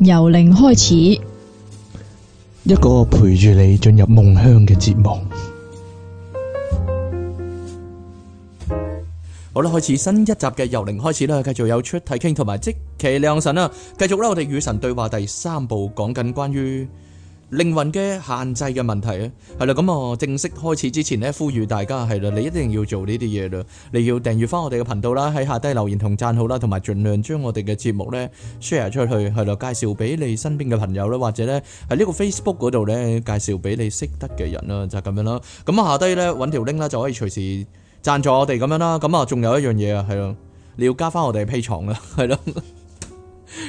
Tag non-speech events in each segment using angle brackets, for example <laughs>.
由零開始，一個陪住你進入夢鄉嘅節目。好啦，開始新一集嘅由零開始啦，繼續有出題傾同埋積奇良神啦，繼續啦，我哋與神對話第三部，講緊關於。靈魂嘅限制嘅問題啊，係啦，咁啊正式開始之前呢，呼籲大家，係啦，你一定要做呢啲嘢啦，你要訂閱翻我哋嘅頻道啦，喺下低留言同贊好啦，同埋盡量將我哋嘅節目呢 share 出去，係啦，介紹俾你身邊嘅朋友啦，或者呢喺呢個 Facebook 嗰度呢介紹俾你識得嘅人啦，就係咁樣啦。咁啊下低呢，揾條 link 咧就可以隨時贊助我哋咁樣啦。咁啊仲有一樣嘢啊，係咯，你要加翻我哋 Patreon 嘅，係咯。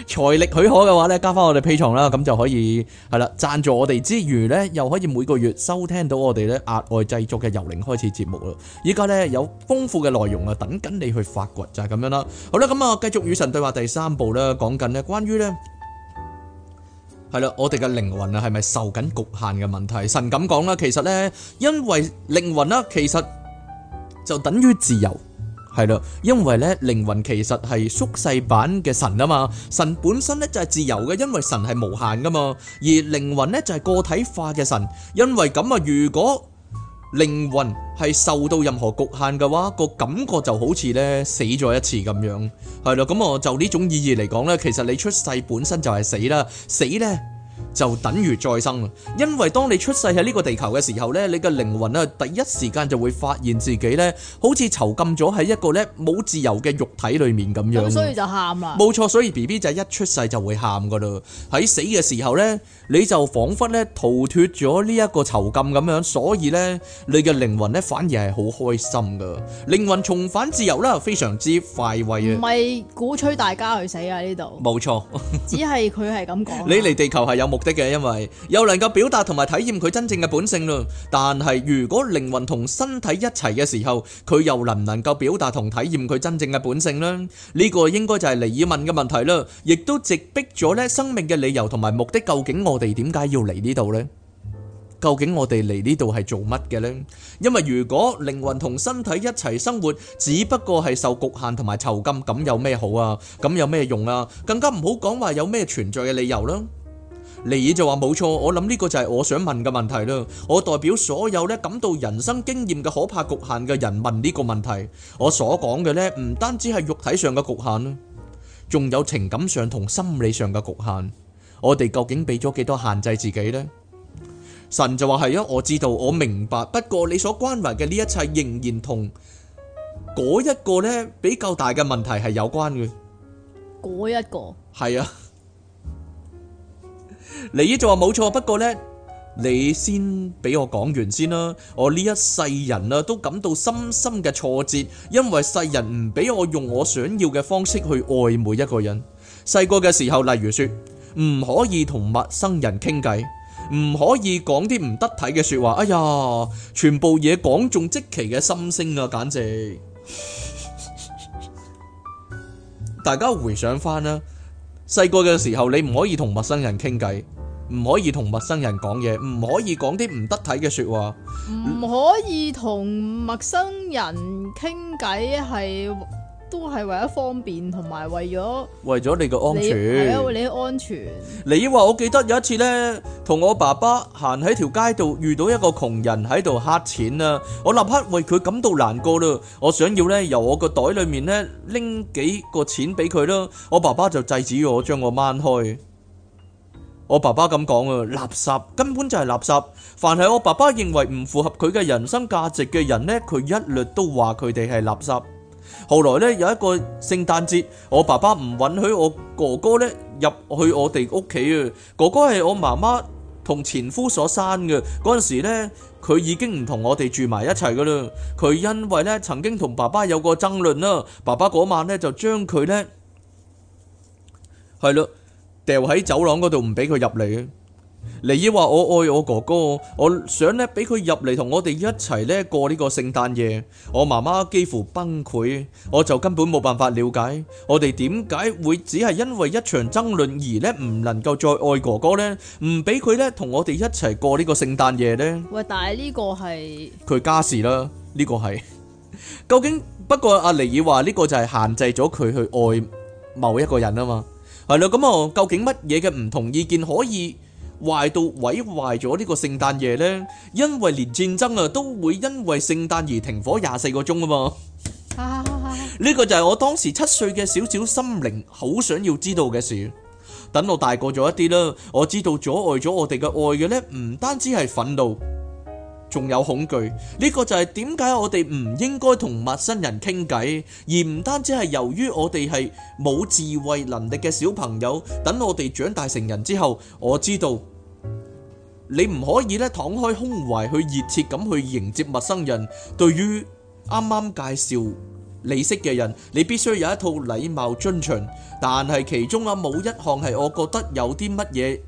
財力許可嘅話呢，加翻我哋 Patreon 啦，咁就可以係啦，贊助我哋之餘呢，又可以每個月收聽到我哋呢額外製作嘅遊靈開始節目咯。依家呢，有豐富嘅內容啊，等緊你去發掘就係、是、咁樣啦。好啦，咁啊，繼續與神對話第三部啦，講緊呢，關於呢，係啦，我哋嘅靈魂啊，係咪受緊局限嘅問題？神咁講啦，其實呢，因為靈魂啦，其實就等於自由。係啦，因為咧靈魂其實係縮細版嘅神啊嘛，神本身咧就係、是、自由嘅，因為神係無限噶嘛，而靈魂咧就係、是、個體化嘅神，因為咁啊，如果靈魂係受到任何局限嘅話，個感覺就好似咧死咗一次咁樣，係啦，咁、嗯、我就呢種意義嚟講咧，其實你出世本身就係死啦，死咧。就等於再生啦，因為當你出世喺呢個地球嘅時候咧，你嘅靈魂咧，第一時間就會發現自己咧，好似囚禁咗喺一個咧冇自由嘅肉體裏面咁樣。咁所以就喊啦。冇錯，所以 B B 就一出世就會喊噶啦。喺死嘅時候咧，你就彷彿咧逃脫咗呢一個囚禁咁樣，所以咧你嘅靈魂咧反而係好開心噶，靈魂重返自由啦，非常之快慰啊！唔係鼓吹大家去死啊！呢度冇錯，只係佢係咁講。你嚟地球係有目。的嘅，因為又能夠表達同埋體驗佢真正嘅本性咯。但係如果靈魂同身體一齊嘅時候，佢又能唔能夠表達同體驗佢真正嘅本性呢？呢個應該就係尼爾問嘅問題啦，亦都直逼咗呢生命嘅理由同埋目的，究竟我哋點解要嚟呢度呢？究竟我哋嚟呢度係做乜嘅呢？因為如果靈魂同身體一齊生活，只不過係受局限同埋囚禁，咁有咩好啊？咁有咩用啊？更加唔好講話有咩存在嘅理由啦。尼爾就話冇錯，我諗呢個就係我想問嘅問題啦。我代表所有咧感到人生經驗嘅可怕局限嘅人問呢個問題。我所講嘅咧，唔單止係肉體上嘅局限啦，仲有情感上同心理上嘅局限。我哋究竟俾咗幾多限制自己咧？神就話係啊，我知道，我明白。不過你所關懷嘅呢一切，仍然同嗰一個咧比較大嘅問題係有關嘅。嗰一個係啊。你依就話冇錯，不過呢，你先俾我講完先啦。我呢一世人啊，都感到深深嘅挫折，因為世人唔俾我用我想要嘅方式去愛每一個人。細個嘅時候，例如說，唔可以同陌生人傾偈，唔可以講啲唔得體嘅說話。哎呀，全部嘢講中即期嘅心聲啊，簡直。大家回想返啦。細個嘅時候，你唔可以同陌生人傾偈，唔可以同陌生人講嘢，唔可以講啲唔得體嘅說話，唔可以同陌生人傾偈係。都係為咗方便，同埋為咗為咗你嘅安全，你話，啊、我記得有一次呢，同我爸爸行喺條街度，遇到一個窮人喺度乞錢啦，啊，我立刻為佢感到難過啦，我想要呢，由我個袋裏面呢拎幾個錢俾佢啦，我爸爸就制止我將我掹開。我爸爸咁講啊，垃圾根本就係垃圾。凡係我爸爸認為唔符合佢嘅人生價值嘅人呢，佢一律都話佢哋係垃圾。後來咧有一個聖誕節，我爸爸唔允許我哥哥咧入去我哋屋企啊！哥哥係我媽媽同前夫所生嘅，嗰陣時咧佢已經唔同我哋住埋一齊噶啦。佢因為咧曾經同爸爸有過爭論啦，爸爸嗰晚咧就將佢咧係咯掉喺走廊嗰度，唔俾佢入嚟。尼爾話：我愛我哥哥，我想咧俾佢入嚟同我哋一齊咧過呢個聖誕夜。我媽媽幾乎崩潰，我就根本冇辦法了解我哋點解會只係因為一場爭論而咧唔能夠再愛哥哥呢？唔俾佢咧同我哋一齊過呢個聖誕夜呢？喂，但係呢個係佢家事啦，呢、這個係 <laughs> 究竟不過阿、啊、尼爾話呢個就係限制咗佢去愛某一個人啊嘛，係啦咁啊，究竟乜嘢嘅唔同意見可以？壞到毀壞咗呢個聖誕夜呢，因為連戰爭啊都會因為聖誕而停火廿四個鐘啊嘛！呢 <laughs> <laughs> 個就係我當時七歲嘅小小心靈好想要知道嘅事。等我大個咗一啲啦，我知道阻礙咗我哋嘅愛嘅呢，唔單止係憤怒。仲有恐懼，呢個就係點解我哋唔應該同陌生人傾偈，而唔單止係由於我哋係冇智慧能力嘅小朋友。等我哋長大成人之後，我知道你唔可以咧敞開胸懷去熱切咁去迎接陌生人。對於啱啱介紹你識嘅人，你必須有一套禮貌遵循。但係其中啊冇一項係我覺得有啲乜嘢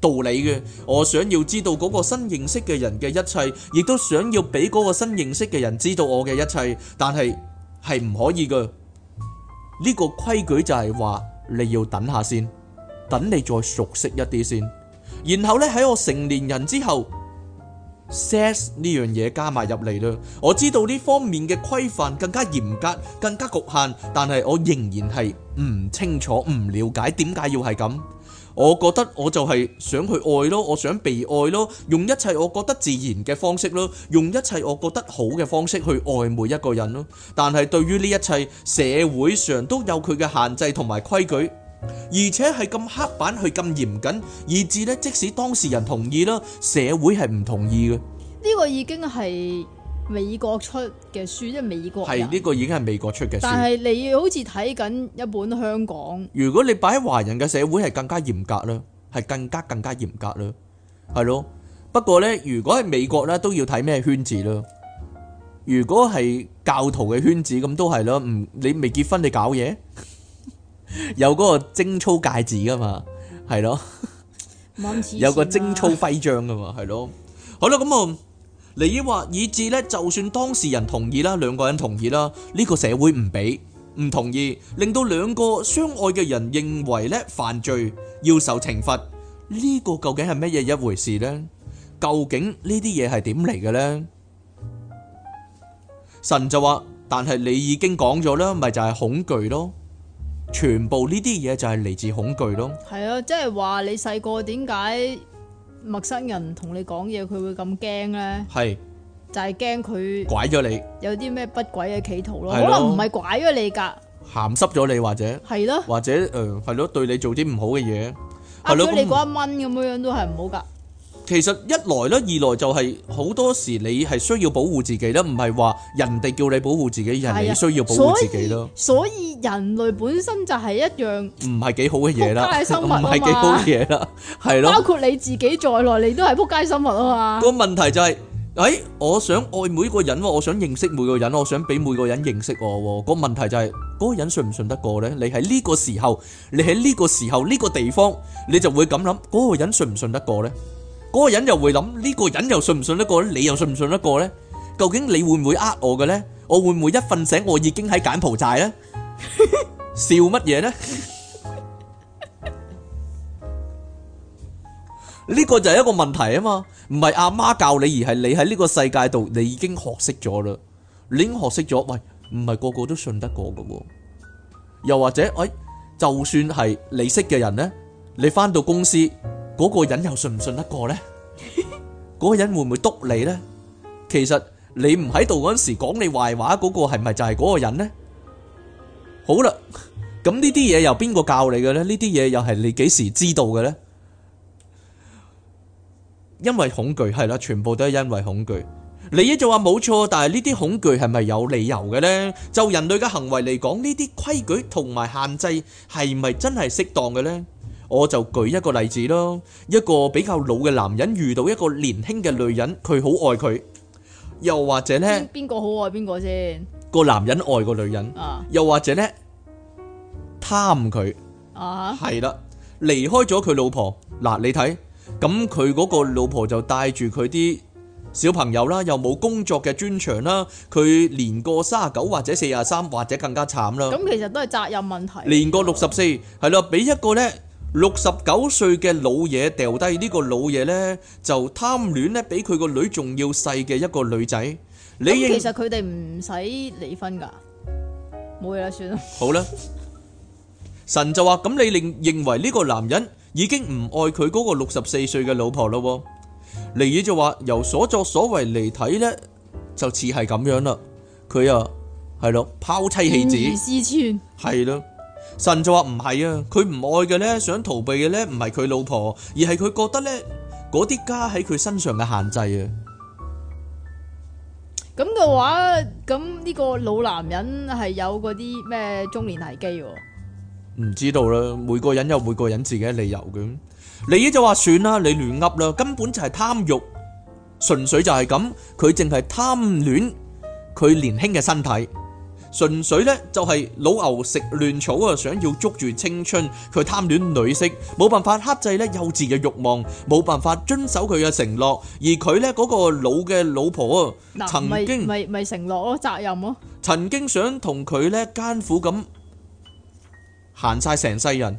道理嘅，我想要知道嗰個新認識嘅人嘅一切，亦都想要俾嗰個新認識嘅人知道我嘅一切，但係係唔可以嘅。呢個規矩就係話你要等下先，等你再熟悉一啲先，然後咧喺我成年人之後，sex 呢樣嘢加埋入嚟啦。我知道呢方面嘅規範更加嚴格，更加局限，但係我仍然係唔清楚、唔了解點解要係咁。我覺得我就係想去愛咯，我想被愛咯，用一切我覺得自然嘅方式咯，用一切我覺得好嘅方式去愛每一個人咯。但係對於呢一切，社會上都有佢嘅限制同埋規矩，而且係咁刻板，去咁嚴謹，以致咧，即使當事人同意啦，社會係唔同意嘅。呢個已經係。美國出嘅書，即係美國，係呢個已經係美國出嘅書，但係你好似睇緊一本香港。如果你擺喺華人嘅社會，係更加嚴格啦，係更加更加嚴格啦，係咯。不過咧，如果喺美國咧，都要睇咩圈子咯。如果係教徒嘅圈子，咁都係咯。唔，你未結婚你搞嘢， <laughs> 有嗰個貞操戒指噶嘛，係咯，有個貞操徽章噶嘛，係咯。 <laughs> 好啦，咁我。你話以至咧，就算當事人同意啦，兩個人同意啦，呢個社會唔俾唔同意，令到兩個相愛嘅人認為咧犯罪要受懲罰，呢個究竟係乜嘢一回事咧？究竟呢啲嘢係點嚟嘅咧？神就話，但係你已經講咗啦，咪就係恐懼咯，全部呢啲嘢就係嚟自恐懼咯。係啊，即係話你細個點解？陌生人同你講嘢，佢會咁驚咧？係就係驚佢拐咗你，有啲咩不軌嘅企圖咯？可能唔係拐咗你噶，鹹濕咗你或者係咯，或者誒係咯，對你做啲唔好嘅嘢，呃咗你嗰一蚊咁樣樣都係唔好噶。其實一來咧，二來就係好多時你係需要保護自己咧，唔係話人哋叫你保護自己，人哋需要保護自己咯。所以人類本身就係一樣唔係幾好嘅嘢啦，撲街生物啊嘛，唔係幾好嘅嘢啦，係咯。包括你自己在內，你都係撲街生物啊嘛。個問題就係，誒，我想愛每個人，我想認識每個人，我想俾每個人認識我。個問題就係嗰個人信唔信得過呢？你喺呢個時候，你喺呢個時候呢個地方，你就會咁諗，嗰個人信唔信得過呢？嗰個人又會諗呢個人又信唔信得過呢？你又信唔信得過呢？究竟你會唔會呃我嘅呢？我會唔會一瞓醒我已經喺柬埔寨呢？笑乜嘢呢？呢個就係一個問題啊嘛！唔係阿媽教你，而係你喺呢個世界度，你已經學識咗啦。你已經學識咗，喂，唔係個個都信得過㗎喎。又或者，喂，就算係你識嘅人呢，你返到公司。嗰個人又信唔信得過咧？嗰個人會唔會篤你咧？其實你唔喺度嗰陣時講你壞話嗰個係咪就係嗰個人咧？好啦，咁呢啲嘢又邊個教你嘅咧？呢啲嘢又係你幾時知道嘅咧？因為恐懼係啦，全部都係因為恐懼。你一就話冇錯，但係呢啲恐懼係咪有理由嘅咧？就人類嘅行為嚟講，呢啲規矩同埋限制係咪真係適當嘅咧？我就舉一個例子咯，一個比較老嘅男人遇到一個年輕嘅女人，佢好愛佢。又或者呢，邊個好愛邊個先？個男人愛個女人。啊。又或者呢，貪佢。啊。係啦，離開咗佢老婆嗱，你睇，咁佢嗰個老婆就帶住佢啲小朋友啦，又冇工作嘅專長啦，佢年過三十九或者四十三，或者更加慘啦。咁其實都係責任問題。年過六十四，係啦，俾一個呢。六十九歲嘅老嘢掉低呢個老嘢咧，就貪戀咧，比佢個女仲要細嘅一個女仔。咁其實佢哋唔使離婚噶，冇嘢啦，算啦。好啦，神就話：咁你另認為呢個男人已經唔愛佢嗰個六十四歲嘅老婆啦？尼爾就話：由所作所為嚟睇咧，就似係咁樣啦。佢啊，係咯，拋妻棄子，係咯。神就話唔係啊，佢唔愛嘅咧，想逃避嘅咧，唔係佢老婆，而係佢覺得咧嗰啲加喺佢身上嘅限制啊。咁嘅話，咁呢個老男人係有嗰啲咩中年危機？唔知道啦，每個人有每個人自己嘅理由嘅。咁你就話算啦，你亂噏啦，根本就係貪慾，純粹就係咁，佢淨係貪戀佢年輕嘅身體。純粹咧就係老牛食嫩草啊！想要捉住青春，佢貪戀女色，冇辦法克制咧幼稚嘅欲望，冇辦法遵守佢嘅承諾。而佢咧嗰個老嘅老婆啊，曾經咪咪承諾咯，責任咯，曾經想同佢咧艱苦咁行晒成世人。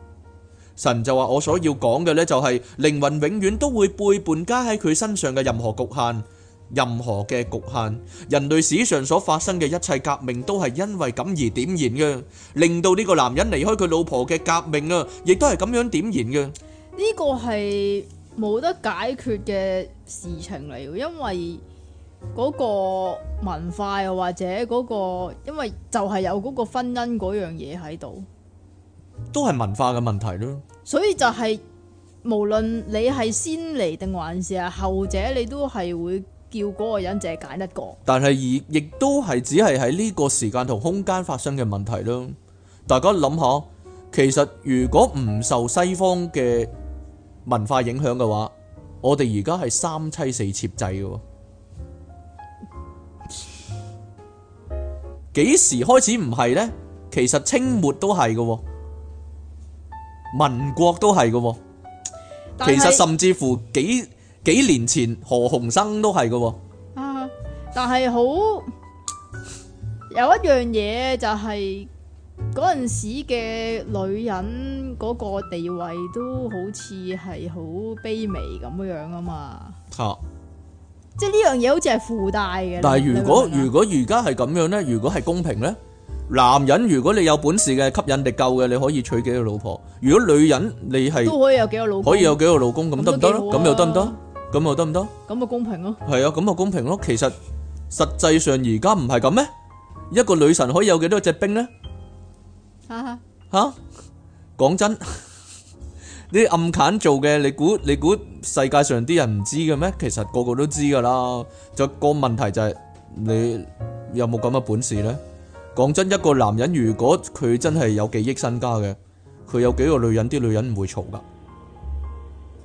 神就話：我所要講嘅呢，就係靈魂永遠都會背叛加喺佢身上嘅任何局限，任何嘅局限。人類史上所發生嘅一切革命都係因為咁而點燃嘅，令到呢個男人離開佢老婆嘅革命啊，亦都係咁樣點燃嘅。呢個係冇得解決嘅事情嚟，因為嗰個文化又或者嗰個，因為就係有嗰個婚姻嗰樣嘢喺度，都係文化嘅問題咯。所以就係、是、無論你係先嚟，定還是啊後者，你都係會叫嗰個人只揀一個。但係而亦都係只係喺呢個時間同空間發生嘅問題咯。大家諗下，其實如果唔受西方嘅文化影響嘅話，我哋而家係三妻四妾制嘅。幾 <laughs> 時開始唔係呢？其實清末都係嘅。民國都係噶，是其實甚至乎幾幾年前何鴻燊都係噶。啊，但係好有一樣嘢就係嗰陣時嘅女人嗰個地位都好似係好卑微咁樣樣啊嘛。吓，啊，即係呢樣嘢好似係附帶嘅。但係如果如果而家係咁樣咧，如果係公平咧？男人如果你有本事嘅，吸引力夠嘅，你可以娶幾個老婆。如果女人你係都可以有幾個老婆，可以有幾個老公，咁得唔得？咁、啊、又得唔得？咁又得唔得？咁咪公平咯。係啊，咁咪、啊、公平咯。其實實際上而家唔係咁咩？一個女神可以有幾多隻兵呢？吓吓、 <laughs> 啊，講真 <laughs> 你，你暗砍做嘅，你估你估世界上啲人唔知嘅咩？其實個個都知噶啦。就個問題就係、是、你有冇咁嘅本事呢？講真，一個男人如果佢真係有幾億身家嘅，佢有幾個女人？啲女人唔會嘈噶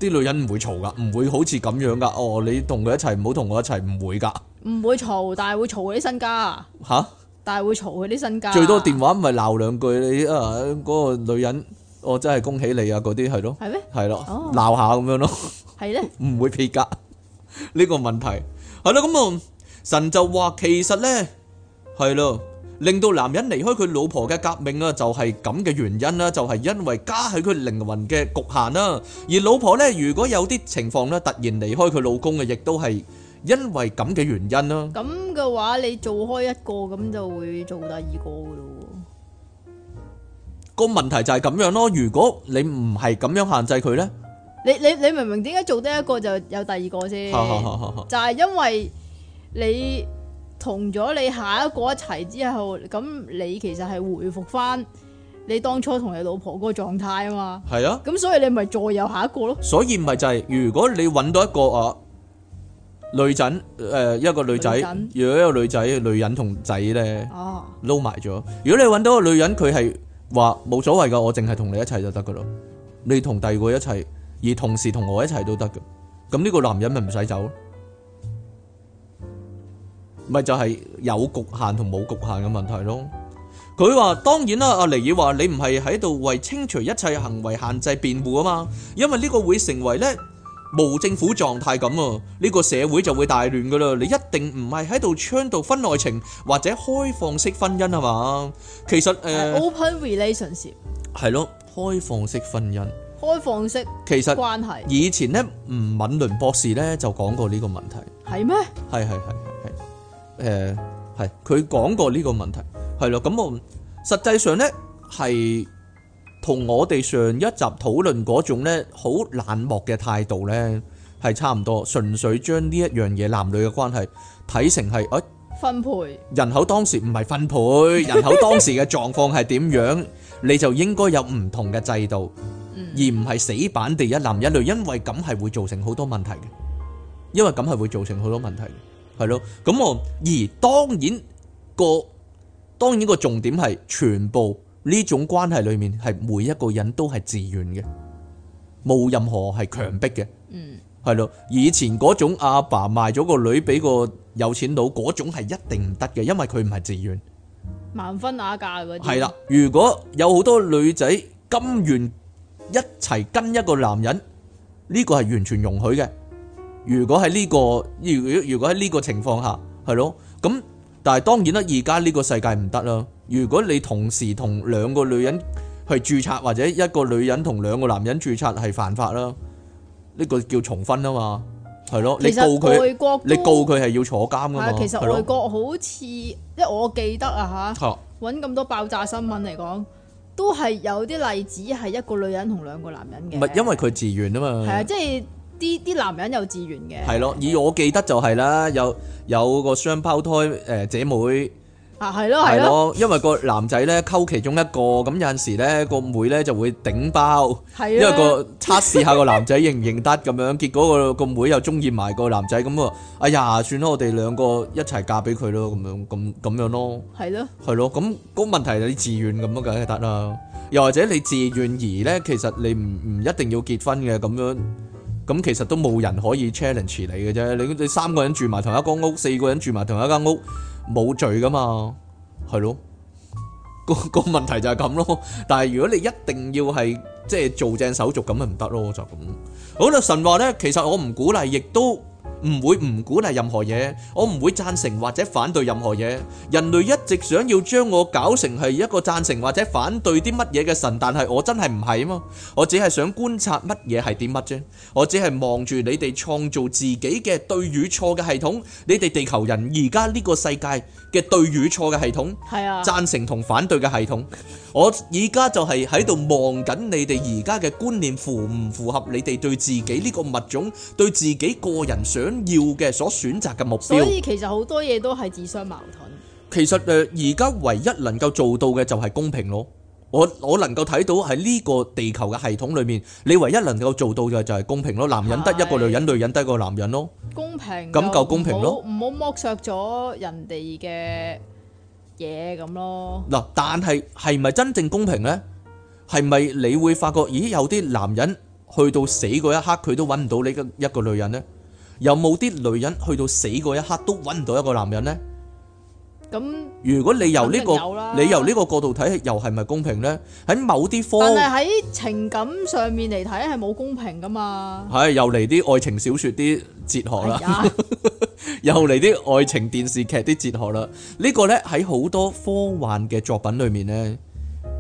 啲女人唔會嘈噶唔會好似咁樣噶哦，你同佢一齊，唔好同我一齊，唔會噶唔會嘈，但係會嘈佢啲身家。吓，但係會嘈佢啲身家。最多電話咪鬧兩句你啊，嗰個女人，我真係恭喜你啊，嗰啲係咯，係咩？係咯，鬧下咁樣咯。係咧，唔會撇噶呢個問題。係啦，咁啊，神就話其實咧，係咯。令到男人離開佢老婆嘅革命啊，就係咁嘅原因啦，就係因為加喺佢靈魂嘅局限啦。而老婆咧，如果有啲情況咧，突然離開佢老公嘅，亦都係因為咁嘅原因啦。咁嘅話，你做開一個咁就會做第二個噶咯。個問題就係咁樣咯，如果你唔係咁樣限制佢咧，你你你明明點解做得一個就有第二個先？就係因為你。同咗你下一個一齊之後，咁你其實係回復翻你當初同你老婆個狀態啊嘛。係啊，咁所以你咪再有下一個咯。所以咪就係如果你搵到一個女仔，誒，一個女仔，如果一個女仔、女人同仔咧，哦，撈埋咗。如果你搵到個女人，佢係話冇所謂噶，我淨係同你一齊就得噶咯。你同第二個一齊，而同時同我一齊都得噶。咁呢個男人咪唔使走。咪就係有局限同冇局限嘅問題咯。佢話當然啦，阿尼爾話你唔係喺度為清除一切行為限制辯護啊嘛。因為呢個會成為咧無政府狀態咁啊，呢個社會就會大亂噶啦。你一定唔係喺度倡導婚外情或者開放式婚姻啊嘛。其實誒、呃，open relations 係咯，開放式婚姻，開放式關係。其實以前咧，吳敏倫博士咧就講過呢個問題。係咩？係係係。誒，係佢講過呢個問題，係咯，咁我實際上咧係同我哋上一集討論嗰種咧好冷漠嘅態度咧係差唔多，純粹將呢一樣嘢，男女嘅關係睇成係誒分配人口當時，唔係分配人口當時嘅狀況係點樣，你就應該有唔同嘅制度，而唔係死板地一男一女，因為咁係會造成好多問題嘅，因為咁係會造成好多問題嘅。係咯，咁我而當然個當然個重點係全部呢種關係裏面係每一個人都係自願嘅，冇任何係強迫嘅。嗯，係咯，以前嗰種阿爸賣咗個女俾個有錢佬，嗰種係一定唔得嘅，因為佢唔係自願。盲婚啞嫁嗰啲。係啦，如果有好多女仔甘願一齊跟一個男人，呢個係完全容許嘅。如果喺呢個，如果喺呢個情況下，係咯，咁但係當然啦，而家呢個世界唔得啦。如果你同時同兩個女人去註冊，或者一個女人同兩個男人註冊係犯法啦，呢個叫重婚啊嘛，係咯，其實你告佢，你告佢係要坐監噶嘛。係啊，其實外國好似，即係我記得啊嚇，揾咁多爆炸新聞嚟講，都係有啲例子係一個女人同兩個男人嘅。唔係因為佢自願啊嘛。係啊，即係。啲啲男人有自願嘅，係咯，以我記得就係啦，有有個雙胞胎誒姐妹啊，係咯係咯，因為個男仔咧溝其中一個咁有陣時咧個妹咧就會頂包係啊，因為個測試下個男仔認唔認得咁樣，結果個個妹又中意埋個男仔咁啊，哎呀，算啦，我哋兩個一齊嫁俾佢咯，咁樣咁咁樣咯，係咯係咯，咁嗰問題係你自願咁樣梗係得啦，又或者你自願而咧，其實你唔唔一定要結婚嘅咁樣。咁其實都冇人可以 challenge 你嘅啫，你你三個人住埋同一間屋，四個人住埋同一間屋，冇罪㗎嘛，係咯，個個問題就係咁咯。但係如果你一定要係即係做正手續，咁咪唔得咯，就咁。好啦，神話咧，其實我唔鼓勵，亦都唔會唔鼓勵任何嘢，我唔會贊成或者反對任何嘢。人類一直想要將我搞成係一個贊成或者反對啲乜嘢嘅神，但係我真係唔係啊嘛，我只係想觀察乜嘢係啲乜啫，我只係望住你哋創造自己嘅對與錯嘅系統，你哋地球人而家呢個世界嘅對與錯嘅系統，係啊，贊成同反對嘅系統，我而家就係喺度望緊你哋而家嘅觀念符唔符合你哋對自己呢個物種、對自己個人想要嘅所選擇嘅目標。所以其實好多嘢都係自相矛盾。其實誒，呃，而家唯一能夠做到嘅就係公平咯。我我能夠睇到喺呢個地球嘅系統裏面，你唯一能夠做到嘅就係公平咯。男人得一個女人，女人得一個男人咯。公平咁夠公平咯，唔好唔好剝削咗人哋嘅嘢咁咯。嗱，但係係唔係真正公平呢？係咪你會發覺，咦？有啲男人去到死嗰一刻，佢都揾唔到你嘅一個女人呢？有冇啲女人去到死嗰一刻都揾唔到一個男人呢？咁那如果你由呢、這個你由呢個角度睇，又係咪公平呢？喺某啲科，但係喺情感上面嚟睇，係冇公平噶嘛？係又嚟啲愛情小說啲哲學啦，哎、呀 <laughs> 又嚟啲愛情電視劇啲哲學啦。呢、這個呢，喺好多科幻嘅作品裏面呢，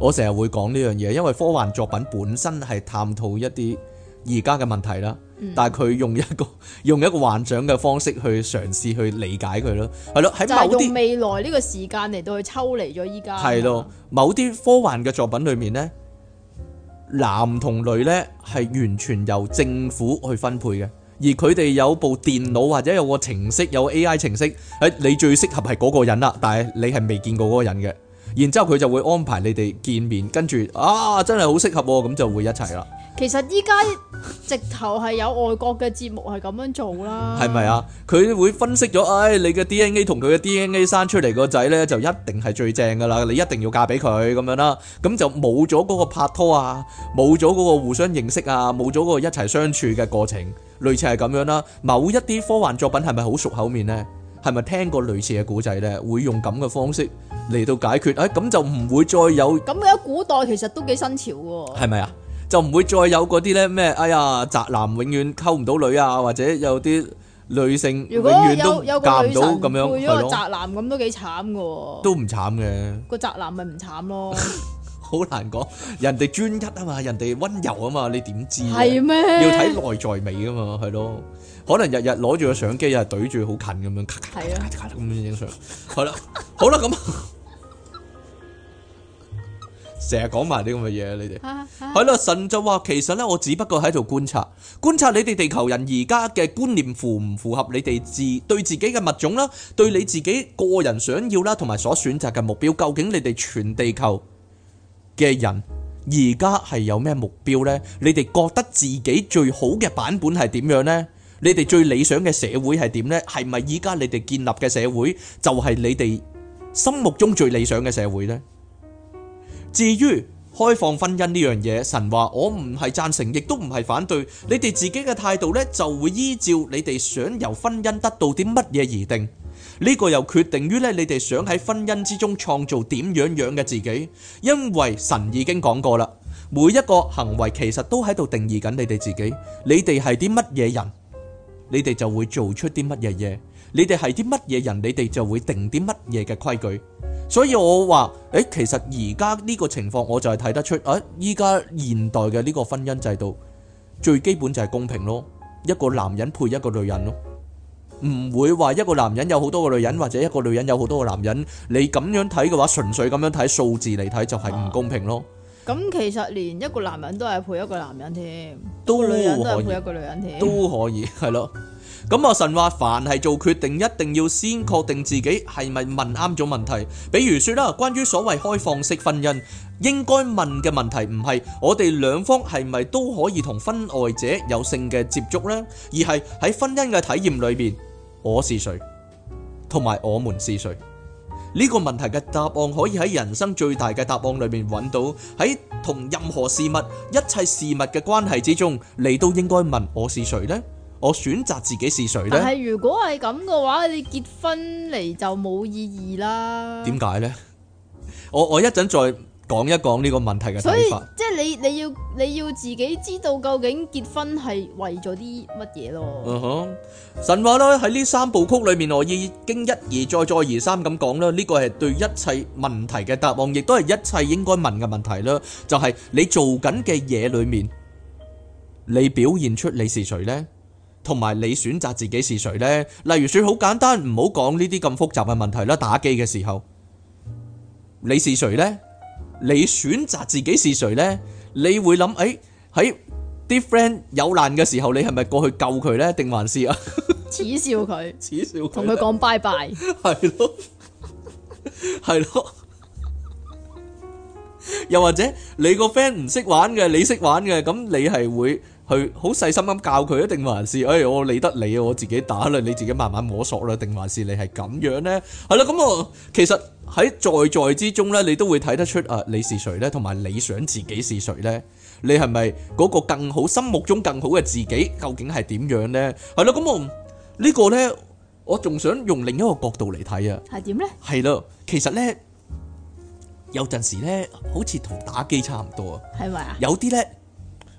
我成日會講呢樣嘢，因為科幻作品本身係探討一啲。而家嘅問題啦，但係佢用一個用一個幻想嘅方式去嘗試去理解佢咯，係咯，喺某啲未來呢個時間嚟到去抽離咗依家，係咯，某啲科幻嘅作品裏面呢，男同女呢係完全由政府去分配嘅，而佢哋有部電腦或者有個程式有 AI 程式，誒，你最適合係嗰個人啦，但係你係未見過嗰個人嘅，然之後佢就會安排你哋見面，跟住啊，真係好適合，咁就會一齊啦。其實依家直頭係有外國嘅節目係咁樣做啦，係咪啊？佢會分析咗，誒，你嘅 DNA 同佢嘅 DNA 生出嚟個仔呢，就一定係最正噶啦，你一定要嫁俾佢咁樣啦，咁就冇咗嗰個拍拖啊，冇咗嗰個互相認識啊，冇咗個一齊相處嘅過程，類似係咁樣啦。某一啲科幻作品係咪好熟口面呢？係咪聽過類似嘅古仔呢？會用咁嘅方式嚟到解決？誒，咁就唔會再有咁嘅。喺古代其實都幾新潮喎，係咪啊？就唔會再有嗰啲咧咩？哎呀，宅男永遠溝唔到女啊，或者有啲女性永遠都嫁唔到咁樣。宅男咁都幾慘噶喎。都唔慘嘅。個宅男咪唔慘咯。好難講，人哋專一啊嘛，人哋温柔啊嘛，你點知？係咩？要睇內在美啊嘛，係咯。可能日日攞住個相機啊，懟住好近咁樣，咔咔咔咔咁樣影相。係啦，好啦，咁。成日講埋啲咁嘅嘢，你哋係咯，神就話其實呢，我只不過喺度觀察，觀察你哋地球人而家嘅觀念符唔符合你哋自對自己嘅物種啦，對你自己個人想要啦，同埋所選擇嘅目標，究竟你哋全地球嘅人而家係有咩目標呢？你哋覺得自己最好嘅版本係點樣呢？你哋最理想嘅社會係點呢？係咪依家你哋建立嘅社會就係你哋心目中最理想嘅社會呢？至於開放婚姻呢樣嘢，神話我唔係贊成，亦都唔係反對。你哋自己嘅態度呢，就會依照你哋想由婚姻得到啲乜嘢而定。呢個又決定於咧，你哋想喺婚姻之中創造點樣樣嘅自己，因為神已經講過啦，每一個行為其實都喺度定義緊你哋自己，你哋係啲乜嘢人，你哋就會做出啲乜嘢嘢。你哋係啲乜嘢人，你哋就會定啲乜嘢嘅規矩。所以我話，誒，其實而家呢個情況，我就係睇得出，誒，依家現代嘅呢個婚姻制度，最基本就係公平咯，一個男人配一個女人咯，唔會話一個男人有好多個女人，或者一個女人有好多個男人。你咁樣睇嘅話，純粹咁樣睇數字嚟睇，就係唔公平咯。咁其實連一個男人都係配一個男人添，一個女人都係配一個女人添，都可以，係咯。咁啊！神話凡係做決定，一定要先確定自己係咪問啱咗問題。比如說啦，關於所謂開放式婚姻，應該問嘅問題唔係我哋兩方係咪都可以同婚外者有性嘅接觸呢，而係喺婚姻嘅體驗裏邊，我是誰，同埋我們是誰呢個問題嘅答案可以喺人生最大嘅答案裏面揾到。喺同任何事物、一切事物嘅關係之中，你都應該問我是誰呢。我選擇自己是誰呢？但係如果係咁嘅話，你結婚嚟就冇意義啦。點解呢？我我一陣再講一講呢個問題嘅睇法。即係你你要你要自己知道究竟結婚係為咗啲乜嘢咯。嗯哼，神話啦，喺呢三部曲裏面，我已經一而再再而三咁講啦。呢個係對一切問題嘅答案，亦都係一切應該問嘅問題啦。就係你做緊嘅嘢裏面，你表現出你是誰呢？同埋你選擇自己是誰呢？例如說好簡單，唔好講呢啲咁複雜嘅問題啦。打機嘅時候，你是誰呢？你選擇自己是誰呢？你會諗誒，喺啲 friend 有難嘅時候，你係咪過去救佢呢？定還是啊？恥笑佢，恥笑，同佢講拜拜，e bye。係 <laughs> 對咯，係 <laughs> <laughs> <laughs> 對咯， <laughs> <laughs> <laughs> <laughs> 又或者你個 friend 唔識玩嘅，你識玩嘅，咁你係會，會。去好細心咁教佢啊，定還是誒，我理得你啊，我自己打啦，你自己慢慢摸索啦。定還是你係咁樣咧？係啦，咁我其實喺在在之中咧，你都會睇得出誒，你是誰咧？同埋你想自己是誰咧？你係咪嗰個更好，心目中更好嘅自己？究竟係點樣咧？係咯，咁我呢個咧，我仲想用另一個角度嚟睇啊。係點咧？係咯，其實咧，有陣時咧，好似同打機差唔多啊。係咪啊？有啲咧。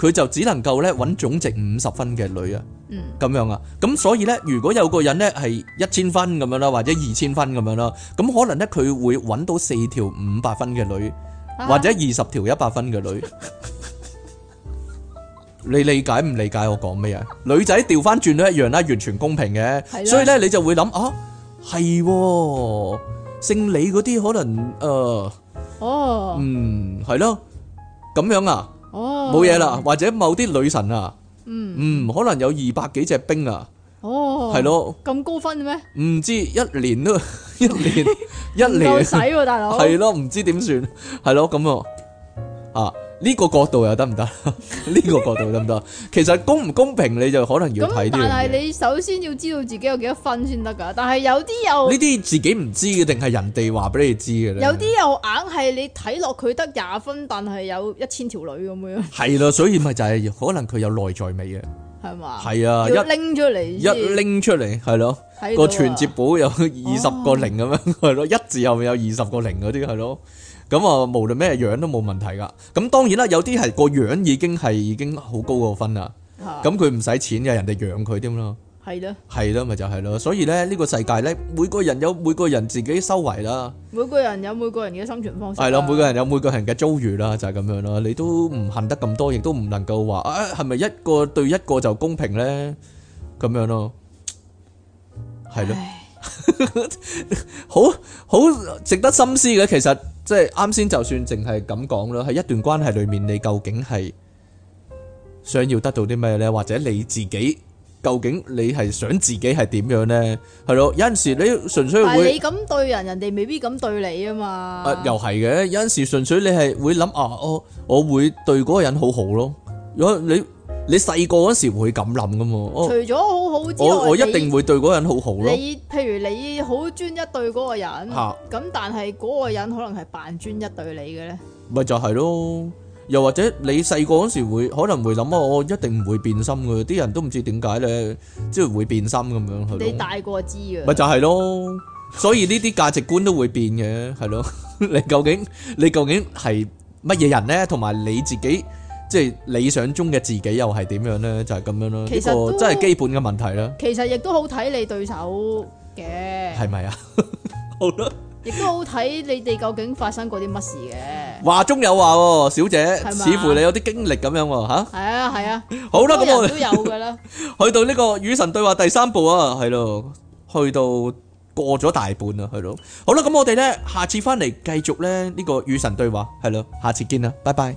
佢就只能夠呢揾總值五十分嘅女啊，咁樣啊，咁所以呢，如果有個人呢係一千分咁樣啦，或者二千分咁樣啦，咁可能呢佢會揾到四條五百分嘅女，或者二十條一百分嘅女。你理解唔理解我講咩啊？女仔掉返轉都一樣啦，完全公平嘅，所以呢你就會諗啊，係喎，係姓李嗰啲可能誒，哦，嗯，係咯，咁樣啊。冇嘢啦，或者某啲女神啊，嗯，嗯，可能有二百幾隻兵啊，哦，係咯，咁高分嘅咩？唔知一年都一年， <laughs> 一年夠使喎，啊，大佬，係咯，唔知點算，係咯咁啊，啊。呢個角度又得唔得？呢 <laughs> 個角度得唔得？其實公唔公平你就可能要睇啲。但係你首先要知道自己有幾多分先得㗎。但係有啲又呢啲自己唔知嘅定係人哋話俾你知嘅咧？有啲又硬係你睇落佢得廿分，但係有一千條女咁樣。係咯，所以咪就係可能佢有內在美嘅。係嘛吧？係啊的，一拎出嚟，一拎出嚟，係咯，全接個存摺簿有二十個零咁樣，係咯， <laughs> 一字後面有二十個零嗰啲，係咯。咁啊，無論咩樣都冇問題噶。咁當然啦，有啲係個樣已經係已經好高個分啦。咁佢唔使錢嘅，人哋養佢添咯。係咯，係咯，咪就係咯。所以咧，呢個世界咧，每個人有每個人自己修為啦。每個人有每個人嘅生存方式。係咯，每個人有每個人嘅遭遇啦，就係咁樣咯。你都唔恨得咁多，亦都唔能夠話啊，係咪一個對一個就公平咧？咁樣咯，係咯。好好值得深思嘅，其實即係啱先，就算淨係咁講啦，喺一段關係裏面，你究竟係想要得到啲咩咧？或者你自己究竟你係想自己係點樣咧？係咯，有陣時你純粹會你咁對人，人哋未必咁對你啊嘛。啊，又係嘅，有陣時純粹你係會諗啊，我我會對嗰個人好好咯。如果你。你細個嗰時會咁諗噶嘛？除咗好好之外，我我一定會對嗰個人好好咯。你譬如你好專一對嗰個人，咁但係嗰個人可能係扮專一對你嘅咧，咪就係咯。又或者你細個嗰時會可能會諗啊，我一定唔會變心噶。啲人都唔知點解咧，即係會變心咁樣去。你大個知嘅，咪就係咯。所以呢啲價值觀都會變嘅，係咯。你究竟你究竟係乜嘢人咧？同埋你自己。即係理想中嘅自己又係點樣咧？就係、是、咁樣咯，其實呢個真係基本嘅問題啦。其實亦都好睇你對手嘅，係咪啊？ <laughs> 好啦吧，亦都好睇你哋究竟發生過啲乜事嘅。話中有話、哦，小姐，吧似乎你有啲經歷咁樣喎、哦，吓？係啊，係啊。好啦、啊，咁我哋都有㗎啦。 <laughs> 去到呢個與神對話第三部啊，係咯，去到過咗大半啦，係咯。好啦，咁我哋咧下次翻嚟繼續咧呢個與神對話，係咯，下次見啦，拜拜。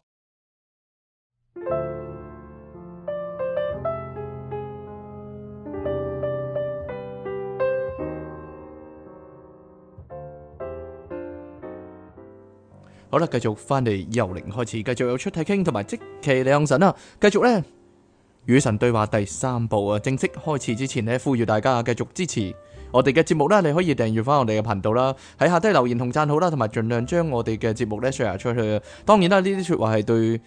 好啦，繼續翻嚟由零開始，繼續有出太傾同埋即其嚟向神啊！繼續呢與神對話第三部啊，正式開始之前呢，呼籲大家啊，繼續支持我哋嘅節目啦，你可以訂閱翻我哋嘅頻道啦，喺下低留言同讚好啦，同埋盡量將我哋嘅節目呢 share 出去。當然啦，呢啲說話係對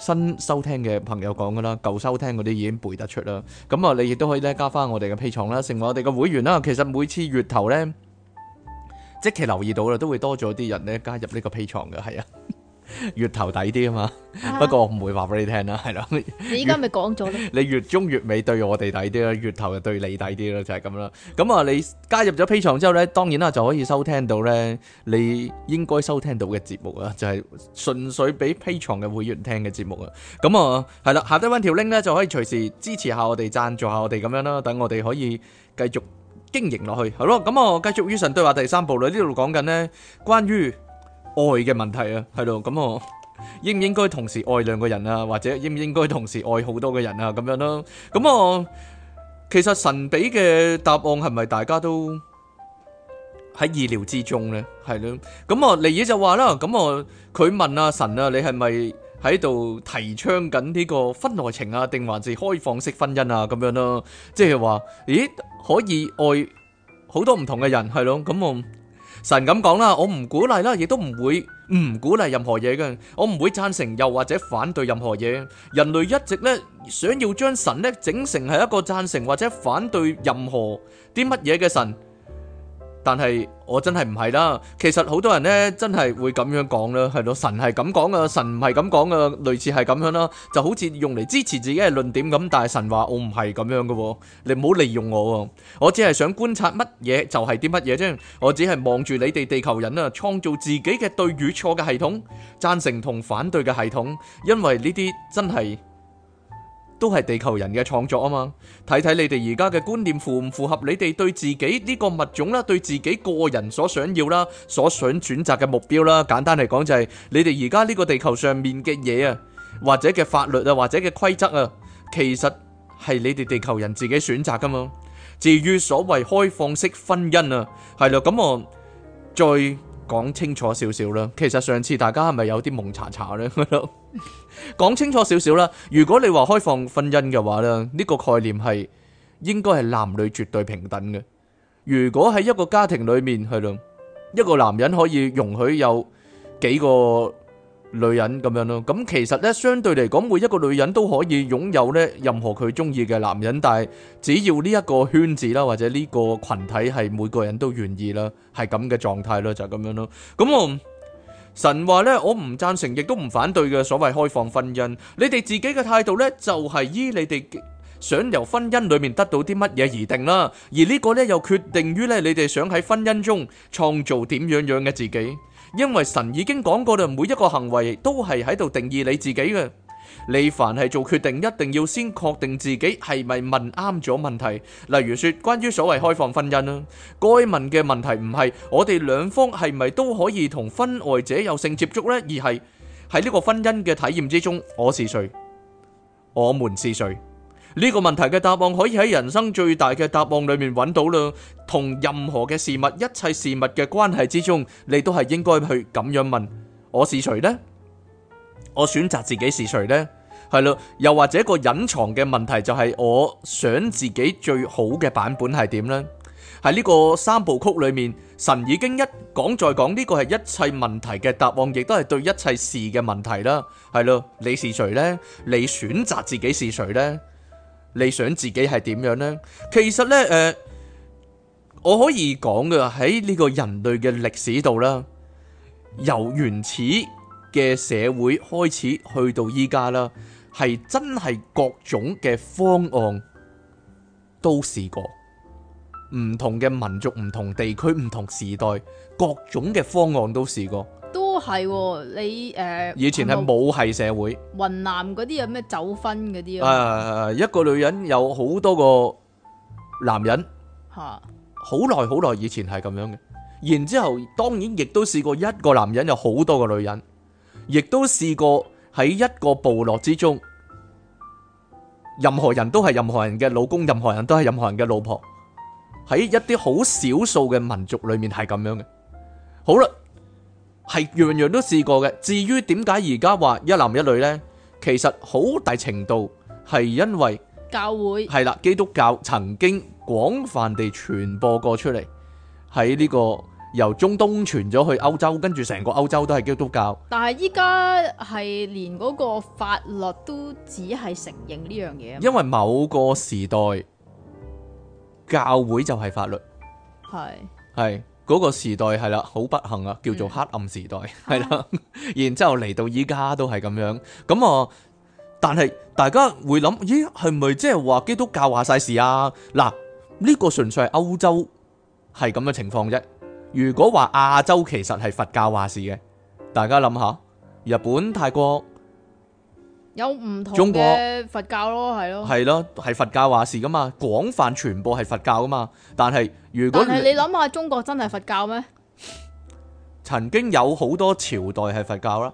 新收聽嘅朋友講噶啦，舊收聽嗰啲已經背得出啦。咁啊，你亦都可以呢加翻我哋嘅 P 廠啦，成為我哋嘅會員啦。其實每次月頭呢。即期留意到啦，都會多咗啲人咧加入呢個 pay 床嘅，係啊，月頭抵啲啊嘛，啊不過唔會話俾你聽啦，係啦。你依家咪講咗你月中月尾對我哋抵啲啦，月頭就對你抵啲啦，就係咁啦。咁、嗯、啊，你加入咗 p a 床之後咧，當然啦，就可以收聽到咧，你應該收聽到嘅節目啊，就係、是、純粹俾 p a 床嘅會員聽嘅節目啊。咁、嗯、啊、係、嗯、啦，下低揾條 link 咧，就可以隨時支持下我哋，贊助下我哋咁樣啦，等我哋可以繼續，經營落去，係咯，咁我繼續與神對話第三部啦。呢度講緊咧關於愛嘅問題啊，係咯，咁我應唔應該同時愛兩個人啊，或者應唔應該同時愛好多個人啊，咁樣咯。咁我其實神俾嘅答案係咪大家都喺意料之中咧？係咯，咁我尼耶就話啦，咁我佢問啊神啊，你係咪？喺度提倡緊呢個婚外情啊，定還是開放式婚姻啊，咁樣咯，啊，即係話，咦，可以愛好多唔同嘅人，係咯，咁，嗯，我神咁講啦，我唔，嗯，鼓勵啦，亦都唔會唔鼓勵任何嘢嘅，我唔會贊成又或者反對任何嘢，人類一直咧，想要將神咧整成係一個贊成或者反對任何啲乜嘢嘅神。但係我真係唔係啦，其實好多人呢，真係會咁樣講啦，係咯，神係咁講嘅，神唔係咁講嘅，類似係咁樣啦，就好似用嚟支持自己嘅論點咁，但係神話我唔係咁樣嘅喎，你唔好利用我喎，我只係想觀察乜嘢就係啲乜嘢啫。我只係望住你哋地球人啊，創造自己嘅對與錯嘅系統，贊成同反對嘅系統，因為呢啲真係。都係地球人嘅創作啊嘛，睇睇你哋而家嘅觀念符唔符合你哋對自己呢個物種啦，對自己個人所想要啦，所想選擇嘅目標啦。簡單嚟講就係你哋而家呢個地球上面嘅嘢啊，或者嘅法律啊，或者嘅規則啊，其實係你哋地球人自己選擇噶嘛。至於所謂開放式婚姻啊，係啦，咁我最。講清楚少少啦，其實上次大家係咪有啲蒙查查呢？講清楚少少啦，如果你話開放婚姻嘅話咧，呢個概念係應該係男女絕對平等嘅。如果喺一個家庭裏面係咯，一個男人可以容許有幾個？女人咁樣咯，咁其實咧相對嚟講，每一個女人都可以擁有咧任何佢中意嘅男人，但係只要呢一個圈子啦，或者呢個群體係每個人都願意啦，係咁嘅狀態咯，就係咁樣咯。咁我神話咧，我唔贊成亦都唔反對嘅所謂開放婚姻，你哋自己嘅態度咧就係依你哋想由婚姻裏面得到啲乜嘢而定啦，而呢個咧又決定於咧你哋想喺婚姻中創造點樣樣嘅自己。因為神已經講過啦，每一個行為都係喺度定義你自己嘅。你凡係做決定，一定要先確定自己係咪問啱咗問題。例如說，關於所謂開放婚姻啦，該問嘅問題唔係我哋兩方係咪都可以同婚外者有性接觸呢，而係喺呢個婚姻嘅體驗之中，我是誰，我們是誰。呢個問題嘅答案可以喺人生最大嘅答案裏面揾到啦。同任何嘅事物、一切事物嘅關係之中，你都係應該去咁樣問：我是誰呢？我選擇自己是誰呢？係咯？又或者一個隱藏嘅問題就係我想自己最好嘅版本係點呢？喺呢個三部曲裏面，神已經一講再講呢個係一切問題嘅答案，亦都係對一切事嘅問題啦。係咯？你是誰呢？你選擇自己是誰呢？你想自己係點樣呢？其實呢，誒，我可以講嘅喺呢個人類嘅歷史度啦，由原始嘅社會開始去到依家啦，係真係各種嘅方案都試過，唔同嘅民族、唔同地區、唔同時代。各種嘅方案都試過，都係喎。你誒以前係母系社會，雲南嗰啲有咩走婚嗰啲啊？誒一個女人有好多個男人，嚇好耐好耐以前係咁樣嘅。然之後當然亦都試過一個男人有好多個女人，亦都試過喺一個部落之中，任何人都係任何人嘅老公，任何人都係任何人嘅老婆。喺一啲好少數嘅民族裏面係咁樣嘅。好啦，係樣樣都試過嘅。至於點解而家話一男一女呢？其實好大程度係因為教會係啦，基督教曾經廣泛地傳播過出嚟，喺呢個由中東傳咗去歐洲，跟住成個歐洲都係基督教。但係依家係連嗰個法律都只係承認呢樣嘢，因為某個時代教會就係法律，係係是。嗰個時代係啦，好不幸啊，叫做黑暗時代係啦，嗯、了 <laughs> 然之後嚟到依家都係咁樣，咁啊、呃，但係大家會諗，咦，係咪即係話基督教話晒事啊？嗱，呢、呢個純粹係歐洲係咁嘅情況啫。如果話亞洲其實係佛教話事嘅，大家諗下，日本、泰國。有唔同嘅中國佛教咯，係咯，係咯，係佛教話事噶嘛，廣泛傳播係佛教噶嘛。但係如果但係你諗下，中國真係佛教咩？曾經有好多朝代係佛教啦，